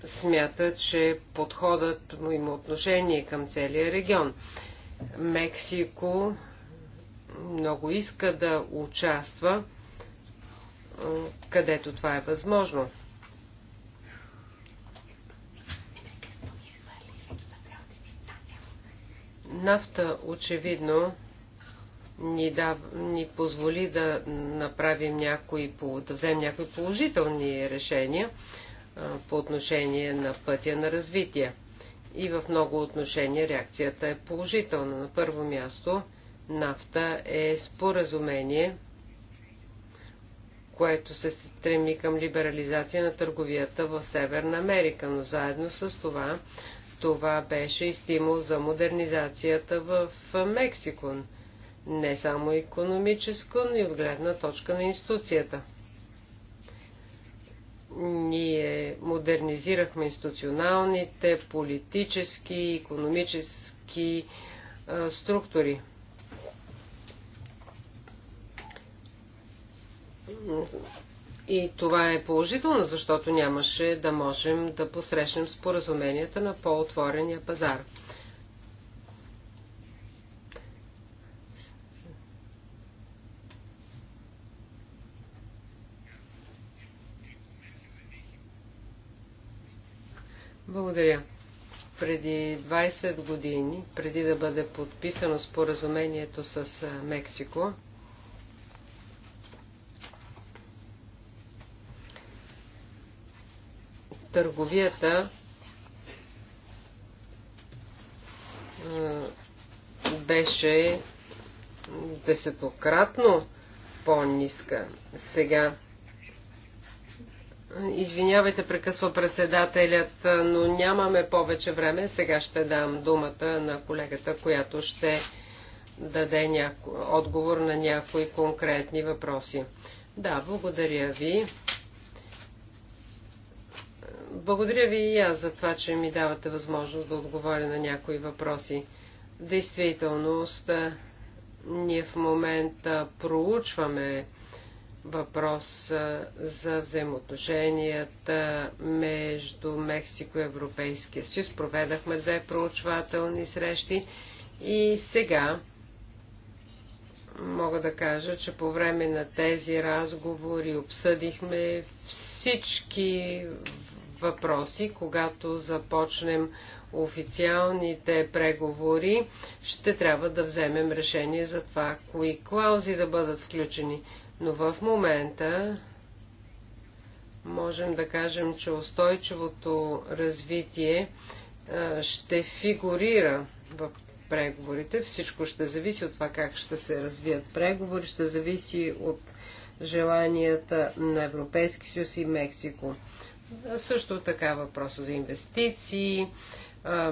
Смята, че подходът му има отношение към целия регион. Мексико много иска да участва, където това е възможно. Нафта очевидно ни, да, ни позволи да направим някои, да вземем някои положителни решения по отношение на пътя на развитие. И в много отношения реакцията е положителна. На първо място Нафта е споразумение, което се стреми към либерализация на търговията в Северна Америка, но заедно с това това беше и стимул за модернизацията в Мексико, не само економическо, но и от гледна точка на институцията. Ние модернизирахме институционалните, политически, економически структури – И това е положително, защото нямаше да можем да посрещнем споразуменията на по-отворения пазар. Благодаря. Преди 20 години, преди да бъде подписано споразумението с Мексико, търговията беше десетократно по-ниска. Сега Извинявайте, прекъсва председателят, но нямаме повече време. Сега ще дам думата на колегата, която ще даде няко... отговор на някои конкретни въпроси. Да, благодаря ви. Благодаря ви и аз за това, че ми давате възможност да отговоря на някои въпроси. действителност, ние в момента проучваме въпрос за взаимоотношенията между Мексико и Европейския съюз. Проведахме две проучвателни срещи и сега мога да кажа, че по време на тези разговори обсъдихме всички въпроси. Когато започнем официалните преговори, ще трябва да вземем решение за това, кои клаузи да бъдат включени. Но в момента можем да кажем, че устойчивото развитие ще фигурира в преговорите. Всичко ще зависи от това как ще се развият преговори, ще зависи от желанията на Европейски съюз и Мексико. Също така въпроса за инвестиции,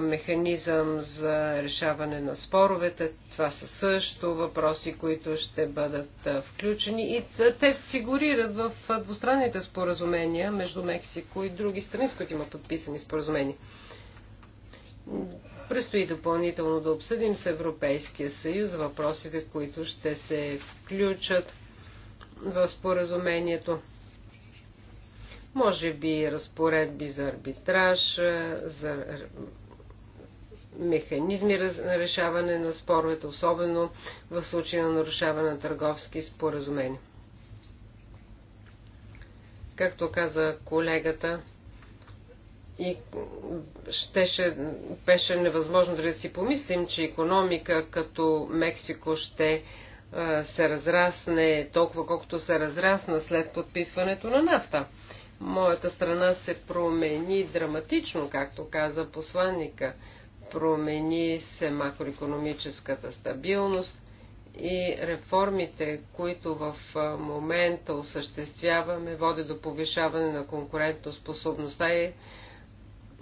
механизъм за решаване на споровете. Това са също въпроси, които ще бъдат включени и те фигурират в двустранните споразумения между Мексико и други страни, с които има подписани споразумения. Предстои допълнително да обсъдим с Европейския съюз въпросите, които ще се включат в споразумението. Може би разпоредби за арбитраж, за механизми на решаване на споровете, особено в случай на нарушаване на търговски споразумения. Както каза колегата, и щеше, беше невъзможно да си помислим, че економика като Мексико ще се разрасне толкова, колкото се разрасна след подписването на нафта моята страна се промени драматично, както каза посланника. Промени се макроекономическата стабилност и реформите, които в момента осъществяваме, води до повишаване на конкурентоспособността и,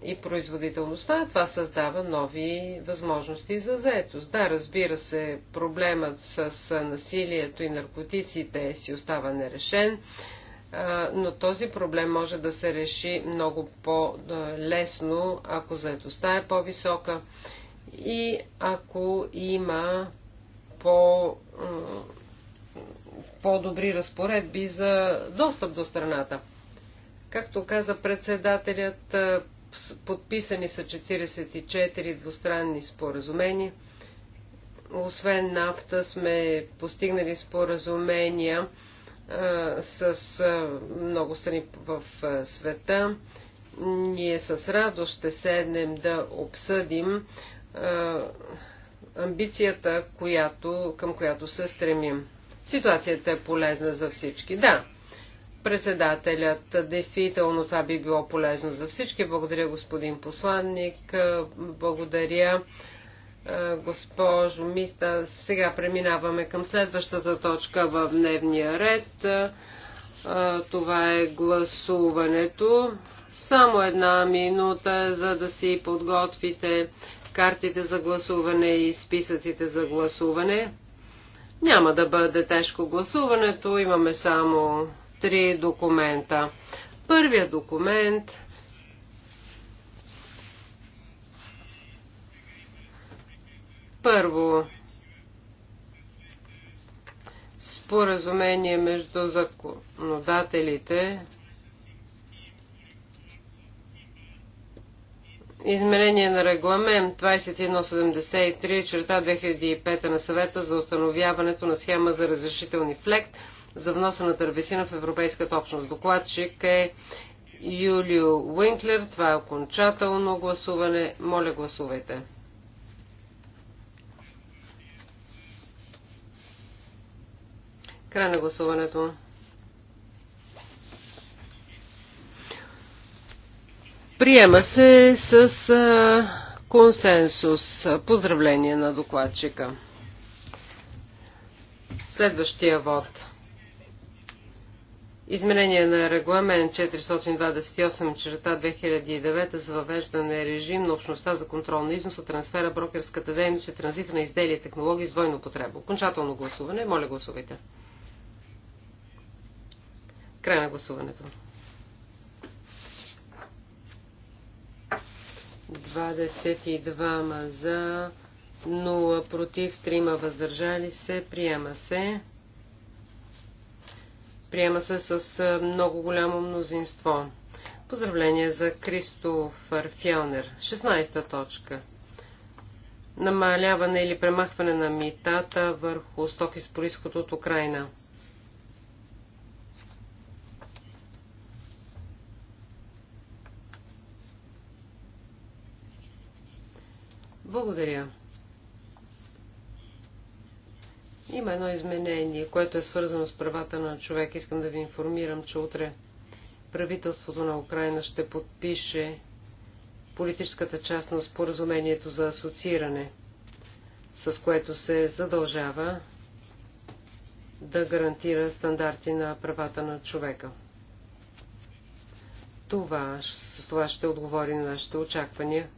и производителността. Това създава нови възможности за заетост. Да, разбира се, проблемът с насилието и наркотиците си остава нерешен но този проблем може да се реши много по-лесно, ако заедостта е по-висока и ако има по, по-добри разпоредби за достъп до страната. Както каза председателят, подписани са 44 двустранни споразумения. Освен нафта сме постигнали споразумения с много страни в света. Ние с радост ще седнем да обсъдим амбицията, която, към която се стремим. Ситуацията е полезна за всички. Да, председателят, действително това би било полезно за всички. Благодаря, господин посланник. Благодаря е, госпожо Миста. Сега преминаваме към следващата точка в дневния ред. Е, това е гласуването. Само една минута, за да си подготвите картите за гласуване и списъците за гласуване. Няма да бъде тежко гласуването, имаме само три документа. Първият документ Първо, споразумение между законодателите Изменение на регламент 2173 черта 2005 на съвета за установяването на схема за разрешителни флект за вноса на дървесина в Европейската общност. Докладчик е Юлио Уинклер. Това е окончателно гласуване. Моля, гласувайте. Край на гласуването. Приема се с а, консенсус. Поздравление на докладчика. Следващия вод. Изменение на регламент 428 черта 2009 за въвеждане режим на общността за контрол на износа, трансфера, брокерската дейност и транзита на изделия и технологии с двойно потреба. Окончателно гласуване. Моля гласувайте. Край на гласуването. 22 за, 0 против, 3 въздържали се. Приема се. Приема се с много голямо мнозинство. Поздравление за Кристофър Фелнер. 16 точка. Намаляване или премахване на митата върху стоки с происход от Украина. Благодаря. Има едно изменение, което е свързано с правата на човек. Искам да ви информирам, че утре правителството на Украина ще подпише политическата част на споразумението за асоцииране, с което се задължава да гарантира стандарти на правата на човека. Това, с това ще отговори на нашите очаквания –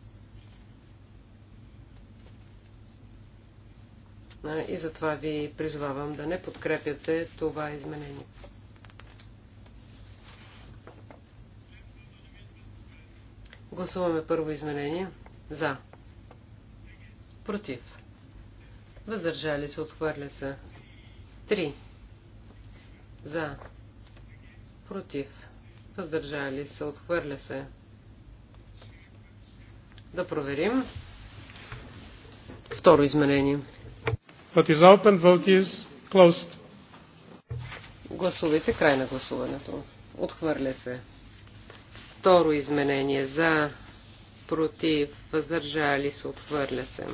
ясна и затова ви призовавам да не подкрепяте това изменение. Гласуваме първо изменение. За. Против. Въздържали се, отхвърля се. Три. За. Против. Въздържали се, отхвърля се. Да проверим. Второ изменение. Vote is open. Vote is closed. Гласувайте край на гласуването. Отхвърля се. Второ изменение за, против, въздържали се, отхвърля се.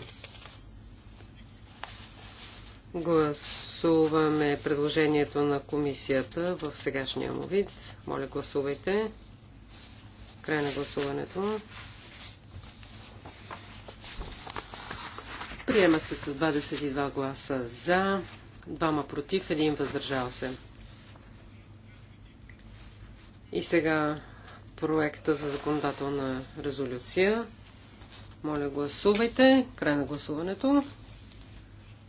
Гласуваме предложението на комисията в сегашния му вид. Моля, гласувайте. Край на гласуването. Приема се с 22 гласа за, 2 против, 1 въздържал се. И сега проекта за законодателна резолюция. Моля, гласувайте. Край на гласуването.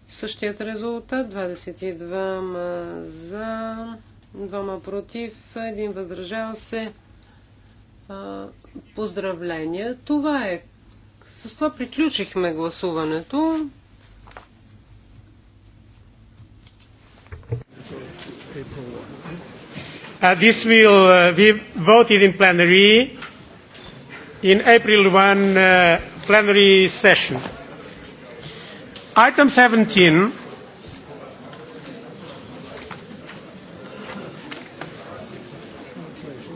Същият резултат. 22 за, 2 против, 1 въздържал се. Поздравления. Това е с това приключихме гласуването. Uh, this will uh, be voted in plenary in April 1 uh, plenary session. Item 17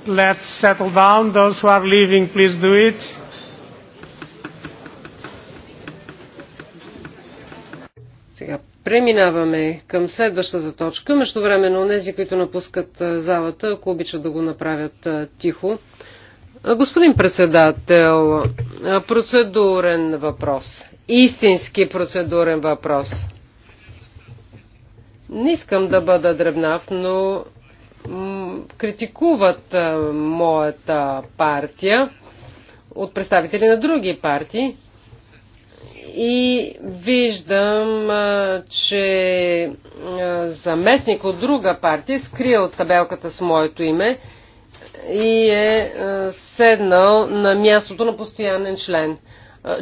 let's settle down. Those who are leaving, please do it. Преминаваме към следващата точка. Между времено, тези, които напускат залата, ако обичат да го направят тихо. Господин председател, процедурен въпрос. Истински процедурен въпрос. Не искам да бъда дребнав, но критикуват моята партия от представители на други партии и виждам, че заместник от друга партия скрия от табелката с моето име и е седнал на мястото на постоянен член.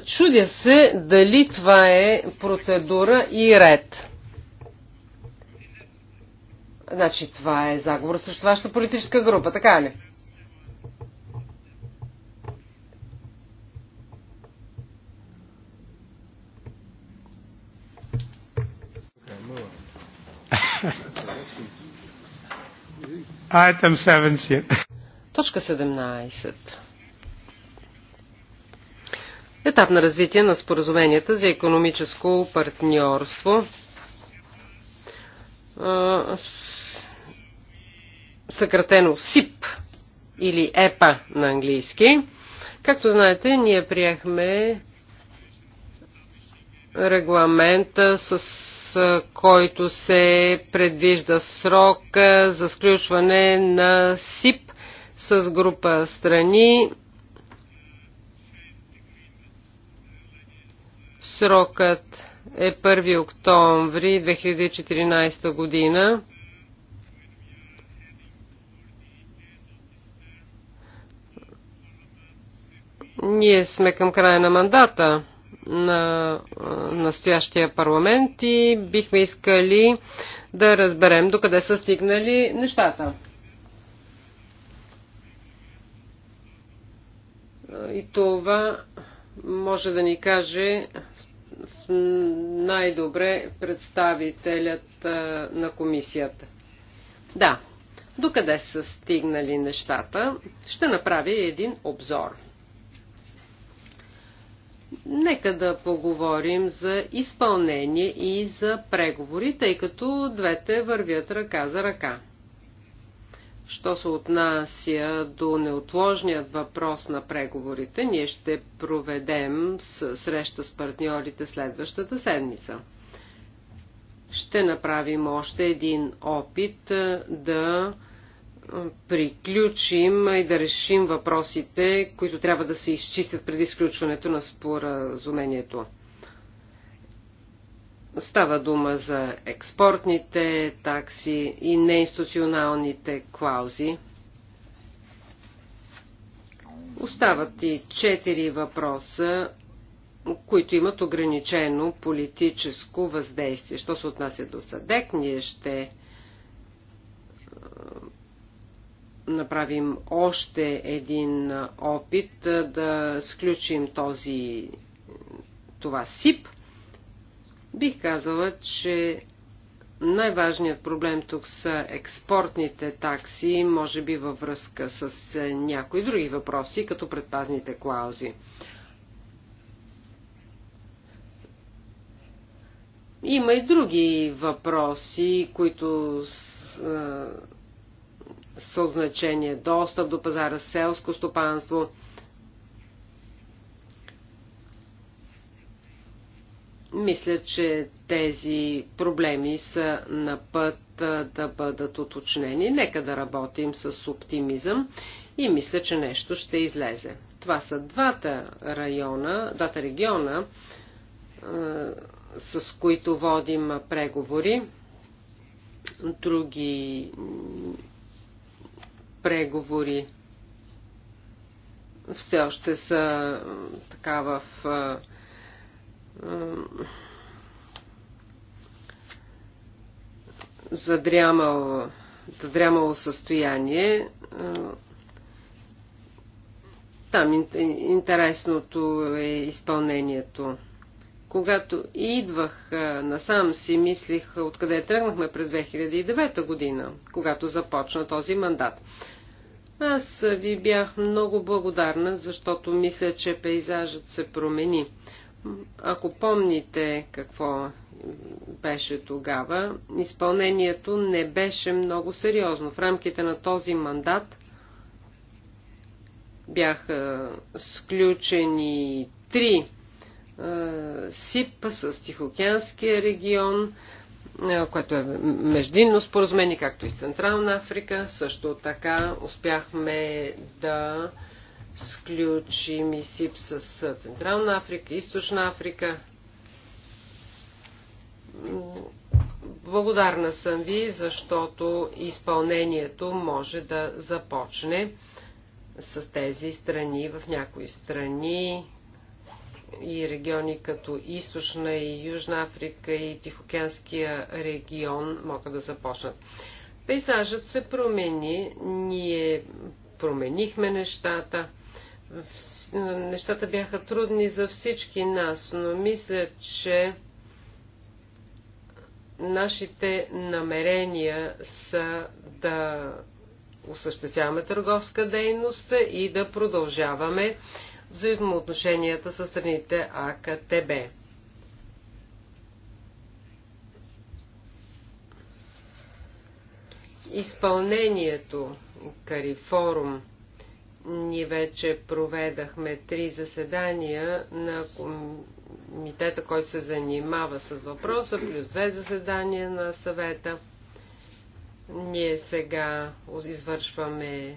Чудя се дали това е процедура и ред. Значи това е заговор с вашата политическа група, така ли? Item 17. Точка 17. Етап на развитие на споразуменията за економическо партньорство. Съкратено СИП или ЕПА на английски. Както знаете, ние приехме Регламента, с който се предвижда срок за сключване на СИП с група страни. Срокът е 1 октомври 2014 година. Ние сме към края на мандата на настоящия парламент и бихме искали да разберем докъде са стигнали нещата. И това може да ни каже най-добре представителят на комисията. Да, докъде са стигнали нещата, ще направя един обзор. Нека да поговорим за изпълнение и за преговори, тъй като двете вървят ръка за ръка. Що се отнася до неотложният въпрос на преговорите, ние ще проведем среща с партньорите следващата седмица. Ще направим още един опит да приключим и да решим въпросите, които трябва да се изчистят преди изключването на споразумението. Става дума за експортните такси и неинституционалните клаузи. Остават и четири въпроса, които имат ограничено политическо въздействие. Що се отнася до съдек, ние ще направим още един опит да сключим този, това СИП, бих казала, че най-важният проблем тук са експортните такси, може би във връзка с някои други въпроси, като предпазните клаузи. Има и други въпроси, които са значение. Достъп до пазара, селско стопанство. Мисля, че тези проблеми са на път да бъдат уточнени. Нека да работим с оптимизъм и мисля, че нещо ще излезе. Това са двата района, двата региона, с които водим преговори. Други преговори все още са така в задрямал, задрямало състояние. Там интересното е изпълнението. Когато идвах насам си, мислих откъде тръгнахме през 2009 година, когато започна този мандат. Аз ви бях много благодарна, защото мисля, че пейзажът се промени. Ако помните какво беше тогава, изпълнението не беше много сериозно. В рамките на този мандат бяха сключени три СИП с Тихоокеанския регион, е, което е междинно споразумение, както и с Централна Африка. Също така успяхме да сключим и СИП с Централна Африка, Източна Африка. Благодарна съм ви, защото изпълнението може да започне с тези страни. В някои страни и региони като Източна и Южна Африка и Тихоокеанския регион могат да започнат. Пейзажът се промени, ние променихме нещата. Нещата бяха трудни за всички нас, но мисля, че нашите намерения са да осъществяваме търговска дейност и да продължаваме взаимоотношенията с страните АКТБ. Изпълнението Карифорум ние вече проведахме три заседания на комитета, който се занимава с въпроса, плюс две заседания на съвета. Ние сега извършваме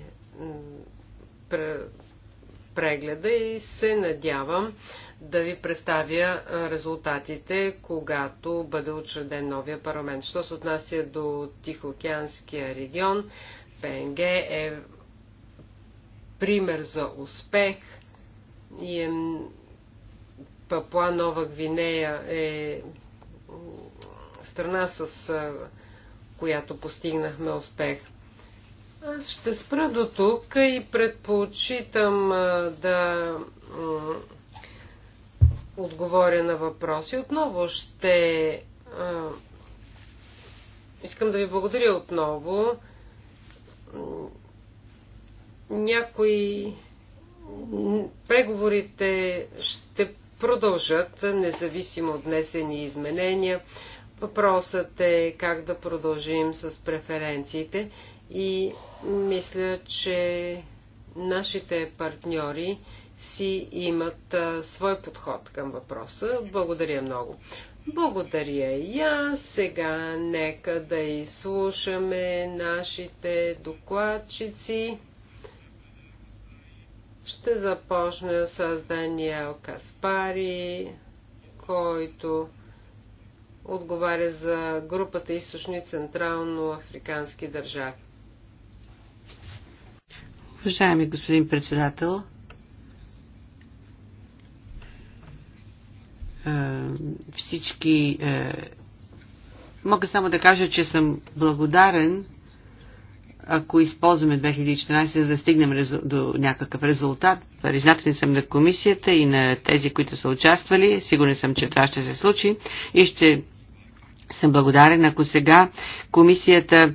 прегледа и се надявам да ви представя резултатите, когато бъде учреден новия парламент. Що се отнася до Тихоокеанския регион, ПНГ е пример за успех и е Папуа Нова Гвинея е страна, с която постигнахме успех. Аз ще спра до тук и предпочитам да отговоря на въпроси. Отново ще. Искам да ви благодаря отново. Някои преговорите ще продължат, независимо от днесени изменения. Въпросът е как да продължим с преференциите. И мисля, че нашите партньори си имат а, свой подход към въпроса. Благодаря много. Благодаря и аз. Сега нека да изслушаме нашите докладчици. Ще започна с Даниел Каспари, който отговаря за групата Източни Централно-Африкански държави. Уважаеми господин председател, всички. Мога само да кажа, че съм благодарен, ако използваме 2014, за да стигнем до някакъв резултат. Признателен съм на комисията и на тези, които са участвали. Сигурен съм, че това ще се случи и ще съм благодарен, ако сега комисията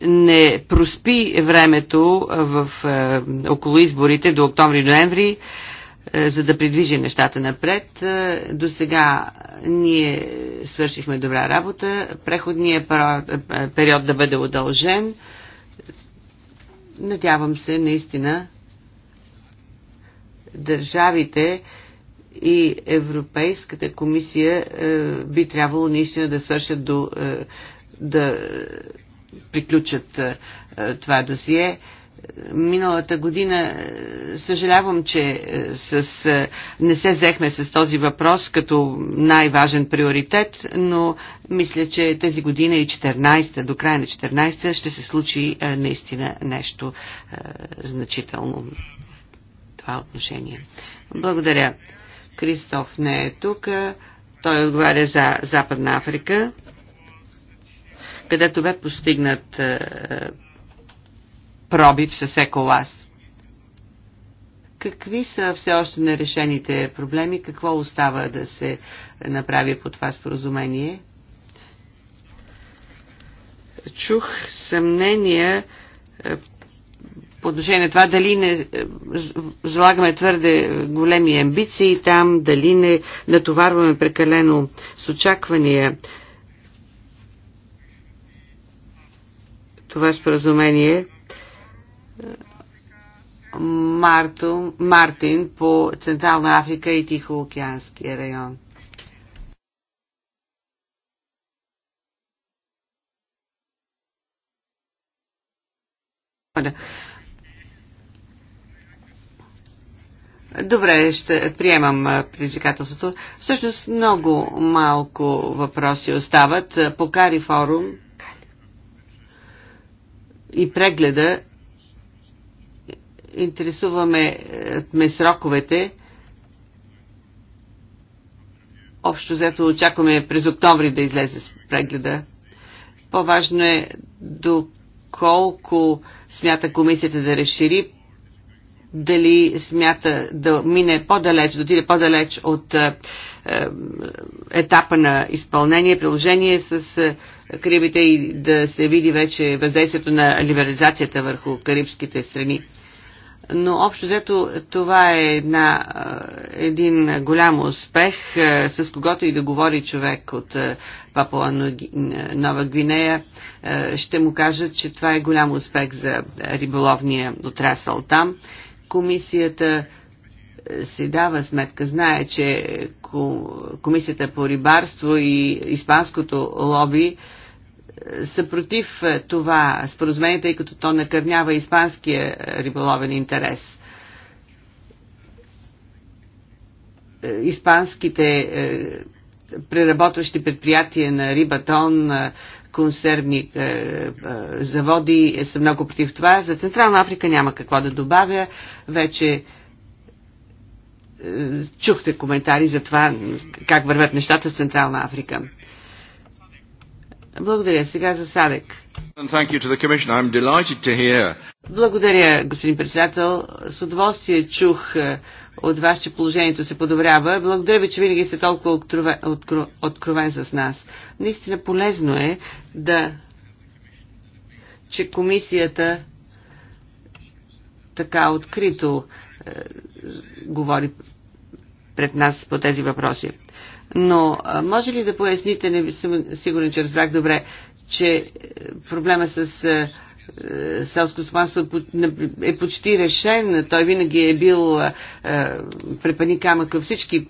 не проспи времето в, около изборите до октомври-ноември, за да придвижи нещата напред. до сега ние свършихме добра работа. Преходният период да бъде удължен. Надявам се наистина държавите и Европейската комисия би трябвало наистина да свършат до, да приключат това досие. Миналата година съжалявам, че с, не се взехме с този въпрос като най-важен приоритет, но мисля, че тази година и 14-та, до края на 14-та ще се случи наистина нещо значително това отношение. Благодаря. Кристоф не е тук. Той отговаря за Западна Африка където бе постигнат е, пробив с еколаз. Какви са все още нерешените проблеми? Какво остава да се направи по това споразумение? Чух съмнения е, по отношение на това дали не е, залагаме твърде големи амбиции там, дали не натоварваме прекалено с очаквания това споразумение е, Марто, Мартин по Централна Африка и Тихоокеанския район. Добре, ще приемам е, предизвикателството. Всъщност много малко въпроси остават. Е, Покари форум и прегледа. Интересуваме е, ме сроковете. Общо взето очакваме през октомври да излезе с прегледа. По-важно е доколко смята комисията да разшири дали смята да мине по-далеч, да отиде по-далеч от е, е, етапа на изпълнение, приложение с е, Карибите и да се види вече въздействието на либерализацията върху карибските страни. Но общо взето това е една, един голям успех, с когото и да говори човек от Папуа Нова Гвинея, ще му кажа, че това е голям успех за риболовния отрасъл там Комисията се дава сметка, знае, че Комисията по рибарство и Испанското лоби е, са против е, това споразумение, тъй като то накърнява испанския риболовен интерес. Е, испанските преработващи предприятия на Рибатон консервни е, е, заводи са много против това. За Централна Африка няма какво да добавя. Вече е, чухте коментари за това как вървят нещата в Централна Африка. Благодаря. Сега за Садек. Благодаря, господин председател. С удоволствие чух е, от вас, че положението се подобрява. Благодаря ви, че винаги сте толкова откровен, откро, откровен с нас. Наистина полезно е да че комисията така открито е, говори пред нас по тези въпроси. Но е, може ли да поясните, не съм сигурен, че разбрах добре, че е, проблема с е, е, селско стопанство е, е почти решен. Той винаги е бил е, препани камък във всички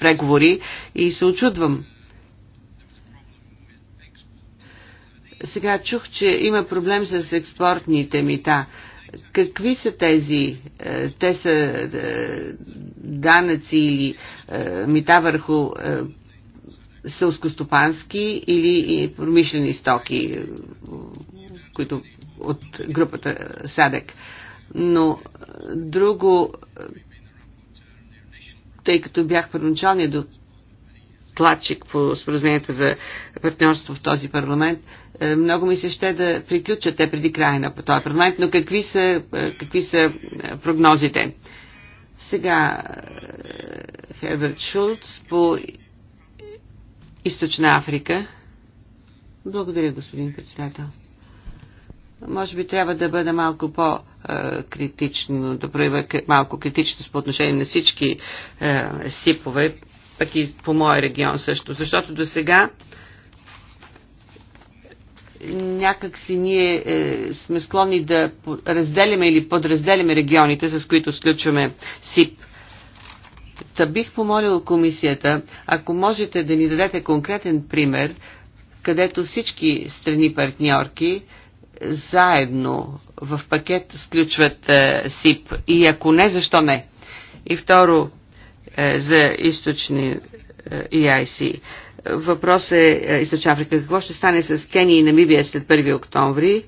преговори и се очудвам. Сега чух, че има проблем с експортните мита. Какви са тези? Те са данъци или мита върху сълскостопански или промишлени стоки, които от групата САДЕК. Но е, друго, е, тъй като бях първоначалният до тлачик по споразумението за партньорство в този парламент. Е, много ми се ще да приключат те преди края на този парламент, но какви са, какви са прогнозите? Сега Херберт Шулц по Източна Африка. Благодаря, господин председател. Може би трябва да бъда малко по-критично, да проявя малко критичност по отношение на всички е, сипове, пък и по моя регион също. Защото до сега някак си ние е, сме склонни да разделяме или подразделяме регионите, с които сключваме СИП. Та бих помолил комисията, ако можете да ни дадете конкретен пример, където всички страни партньорки заедно в пакет сключват е, СИП и ако не, защо не? И второ, е, за източни е, EIC. Въпрос е Източна Африка. Какво ще стане с Кения и Намибия след 1 октомври?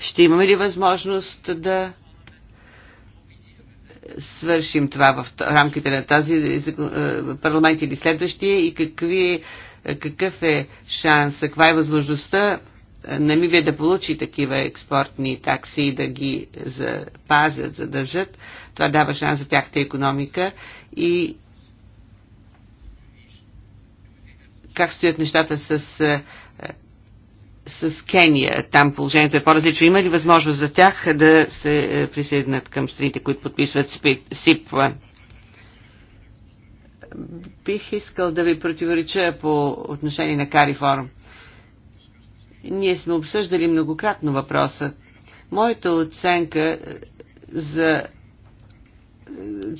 Ще имаме ли възможност да свършим това в рамките на тази парламент или следващия и какви какъв е шанс, каква е възможността е, Намибия да получи такива експортни такси и да ги запазят, задържат. Това дава шанс за тяхта економика и как стоят нещата с, е, е, с Кения. Там положението е по-различно. Има ли възможност за тях да се присъединят към страните, които подписват СИП? бих искал да ви противореча по отношение на Кариформ. Ние сме обсъждали многократно въпроса. Моята оценка е, за е,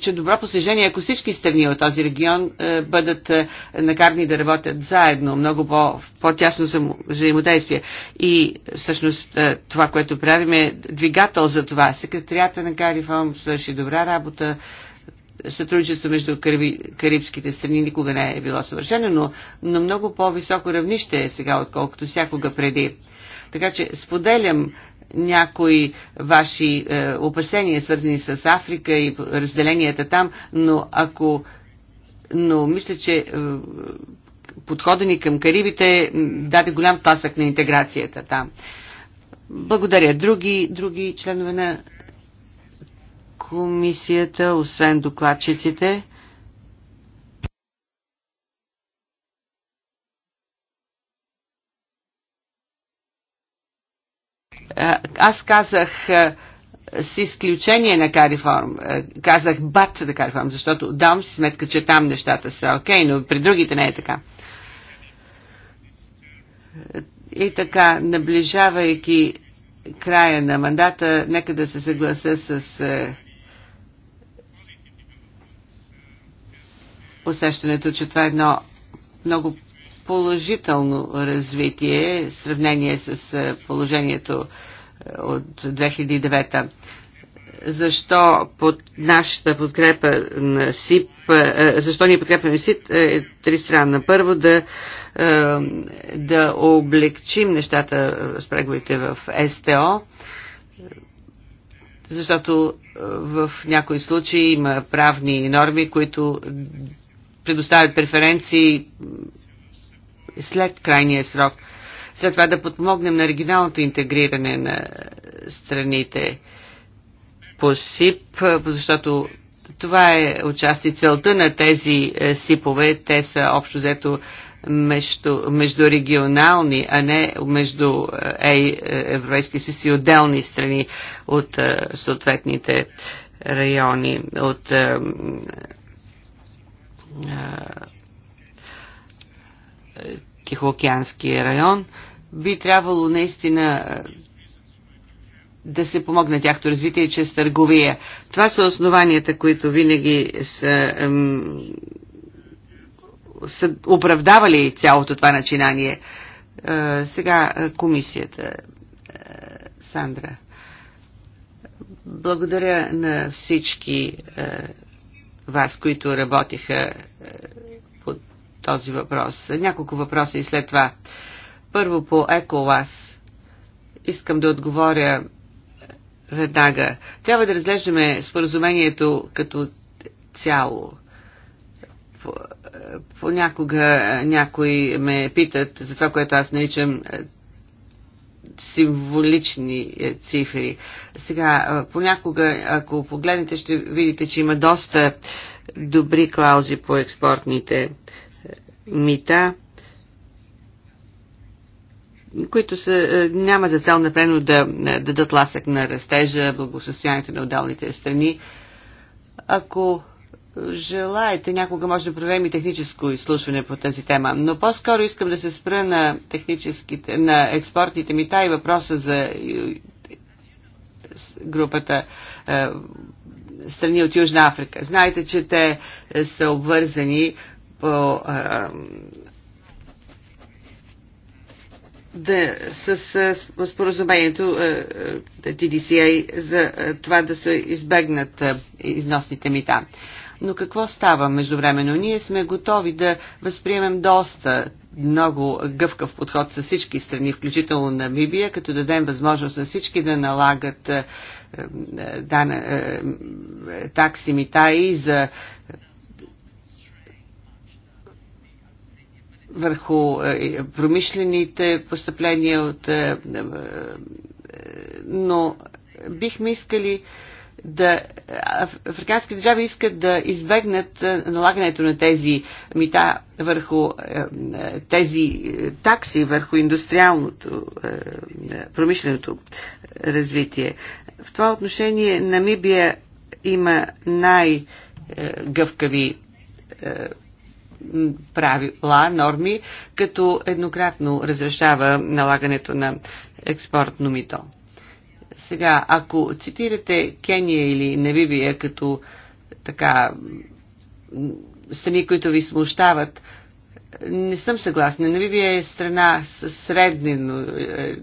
че добро постижение, ако всички страни от този регион е, бъдат е, накарни да работят заедно, много по, по-тясно взаимодействие. И всъщност е, това, което правим е двигател за това. Секретарията на Карифом свърши добра работа. Е, сътрудничество между кариби, карибските страни никога не е било съвършено, но на много по-високо равнище е сега, отколкото всякога преди. Така че споделям някои ваши е, опасения, свързани с Африка и разделенията там, но ако. Но мисля, че е, подхода ни към Карибите даде голям пасък на интеграцията там. Благодаря. Други, други членове на комисията, освен докладчиците. Аз казах с изключение на Кариформ, казах бат на Кариформ, защото давам си сметка, че там нещата са окей, okay, но при другите не е така. И така, наближавайки края на мандата, нека да се съгласа с усещането, че това е едно много положително развитие в сравнение с е, положението е, от 2009 Защо под нашата подкрепа на СИП, е, защо ние подкрепяме СИП е три страна. Първо да, да облегчим нещата с преговорите в СТО, защото в някои случаи има правни норми, които предоставят преференции след крайния срок. След това да подмогнем на регионалното интегриране на страните по СИП, защото това е отчасти целта на тези е, СИПове. Те са общо взето между, междурегионални, а не между е, е, Европейски съюз и отделни страни от съответните райони, от Тихоокеанския район, би трябвало наистина да се помогне тяхто развитие чрез търговия. Това са основанията, които винаги са, ем, са оправдавали цялото това начинание. Е, сега комисията. Е, Сандра. Благодаря на всички е, вас, които работиха е, по този въпрос. Няколко въпроса и след това. Първо по ЕКОЛАС. Искам да отговоря е, веднага. Трябва да разглеждаме споразумението като цяло. Е, понякога някои ме питат за това, което аз наричам символични е, цифри. Сега, понякога, ако погледнете, ще видите, че има доста добри клаузи по експортните е, мита, които са, е, няма за цел напредно да, да дадат ласък на растежа, благосъстоянието на отдалните страни. Ако желаете, някога може да проведем и техническо изслушване по тази тема, но по-скоро искам да се спра на, техническите, на експортните мита и въпроса за групата е, страни от Южна Африка. Знаете, че те са обвързани по е, да, с, е, с споразумението TDCA за това да се избегнат износните мита. Но какво става междувременно? Ние сме готови да възприемем доста много гъвкав подход с всички страни, включително Намибия, като дадем възможност на всички да налагат да, е, е, дан, е, такси мита и за върху промишлените постъпления от но бихме искали да, африканските държави искат да избегнат налагането на тези мита върху тези такси върху индустриалното промишленото развитие. В това отношение Намибия има най-гъвкави правила, норми, като еднократно разрешава налагането на експортно мито. Сега, ако цитирате Кения или Небибия като така страни, които ви смущават, не съм съгласна. Небибия е страна с е,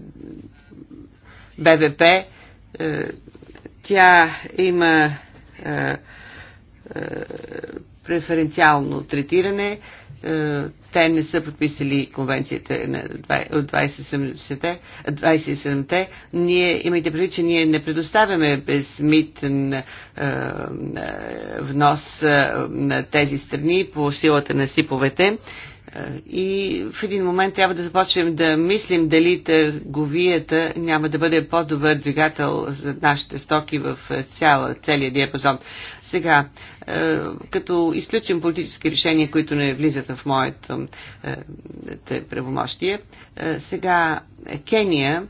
БВП. Е, тя има е, е, преференциално третиране. Е, те не са подписали конвенцията от 27-те. ние, имайте предвид, че ние не предоставяме безмитен е, е внос е, на тези страни по силата на сиповете. И в един момент трябва да започнем да мислим дали търговията няма да бъде по-добър двигател за нашите стоки в цяла, целият диапазон. Сега, е, като изключим политически решения, които не влизат в моето е, е, правомощие, сега Кения,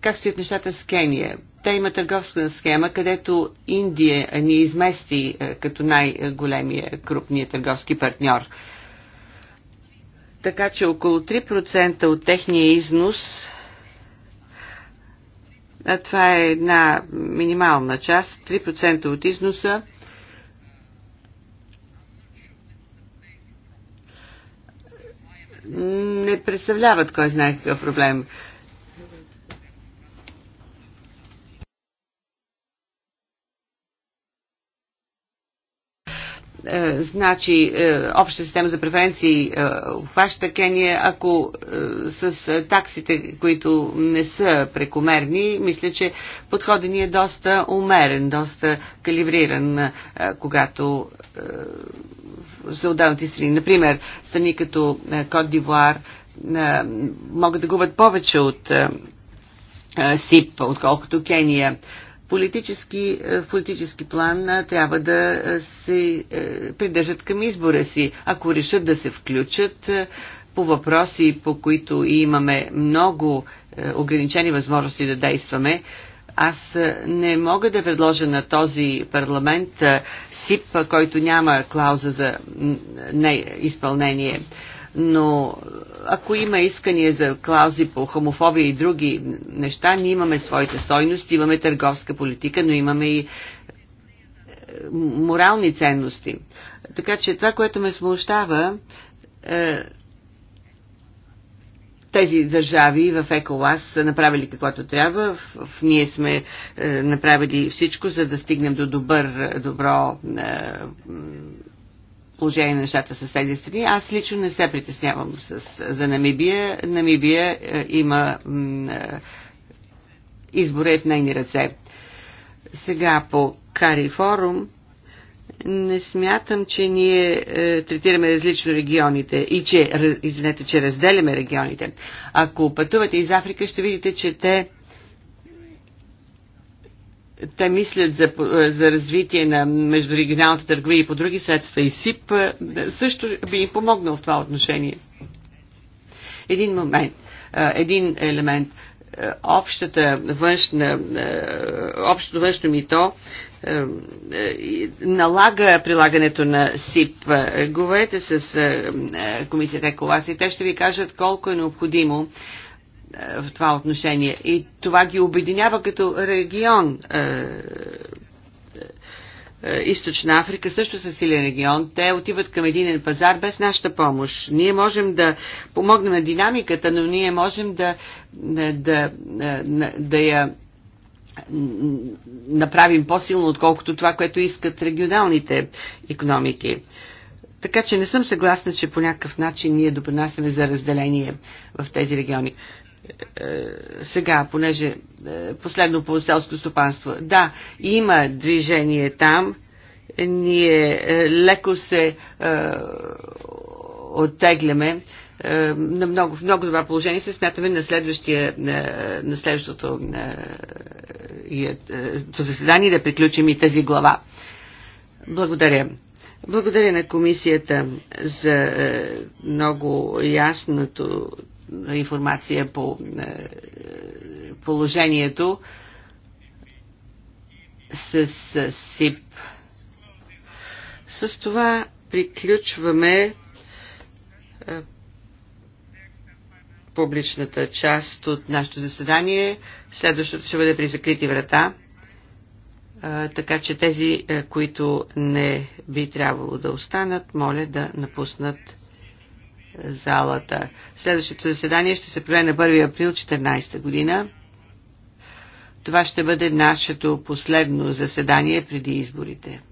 как стоят нещата с Кения? Те има търговска схема, където Индия ни измести като най-големия крупния търговски партньор. Така че около 3% от техния износ това е една минимална част, 3% от износа. не представляват кой знае какъв проблем. е, значи е, обща система за преференции е, обхваща Кения, ако е, с е, таксите, които не са прекомерни, мисля, че подходът ни е доста умерен, доста калибриран, е, когато е, за отделните страни. Например, страни като е, Кот Дивуар е, могат да губят повече от е, е СИП, отколкото Кения. Е, политически, е, в политически план трябва да е, се е, придържат към избора си. Ако решат да се включат по въпроси, по които имаме много ограничени възможности да действаме, аз не мога да предложа на този парламент СИП, който няма клауза за неизпълнение. изпълнение но ако има искания за клаузи по хомофобия и други неща, ние имаме своите стойности, имаме търговска политика, но имаме и е, морални ценности. Така че това, което ме смущава, е, тези държави в ЕКОЛАС са направили каквото трябва. В, в, ние сме е, направили всичко, за да стигнем до добър, добро е, положение на нещата с тези страни. Аз лично не се притеснявам с, за Намибия. Намибия е, има е, избора в нейни ръце. Сега по Кари форум не смятам, че ние е, третираме различно регионите и че, извинете, че разделяме регионите. Ако пътувате из Африка, ще видите, че те те мислят за, за развитие на междурегионалната търговия и по други средства и СИП, също би им помогнал в това отношение. Един момент, един елемент. Общата външна, общото външно мито налага прилагането на СИП. Говорете с комисията Коласи, те ще ви кажат колко е необходимо е, в това отношение. И това ги обединява като регион. Е, е, Източна Африка също са силен регион. Те отиват към единен пазар без нашата помощ. Ние можем да помогнем на динамиката, но ние можем да, да, да, да, да я направим по-силно, отколкото това, което искат регионалните економики. Така че не съм съгласна, че по някакъв начин ние допринасяме за разделение в тези региони. Е, сега, понеже е, последно по селско стопанство. Да, има движение там. Ние е, леко се оттегляме на много, много добро положение се смятаме на, следващия, на следващото заседание да приключим и тази глава. Благодаря. Благодаря на комисията за много ясното информация по е, положението с СИП. С това приключваме е, публичната част от нашето заседание. Следващото ще бъде при закрити врата, е, така че тези, които не би трябвало да останат, моля да напуснат залата. Следващото заседание ще се проведе на 1 април 2014 година. Това ще бъде нашето последно заседание преди изборите.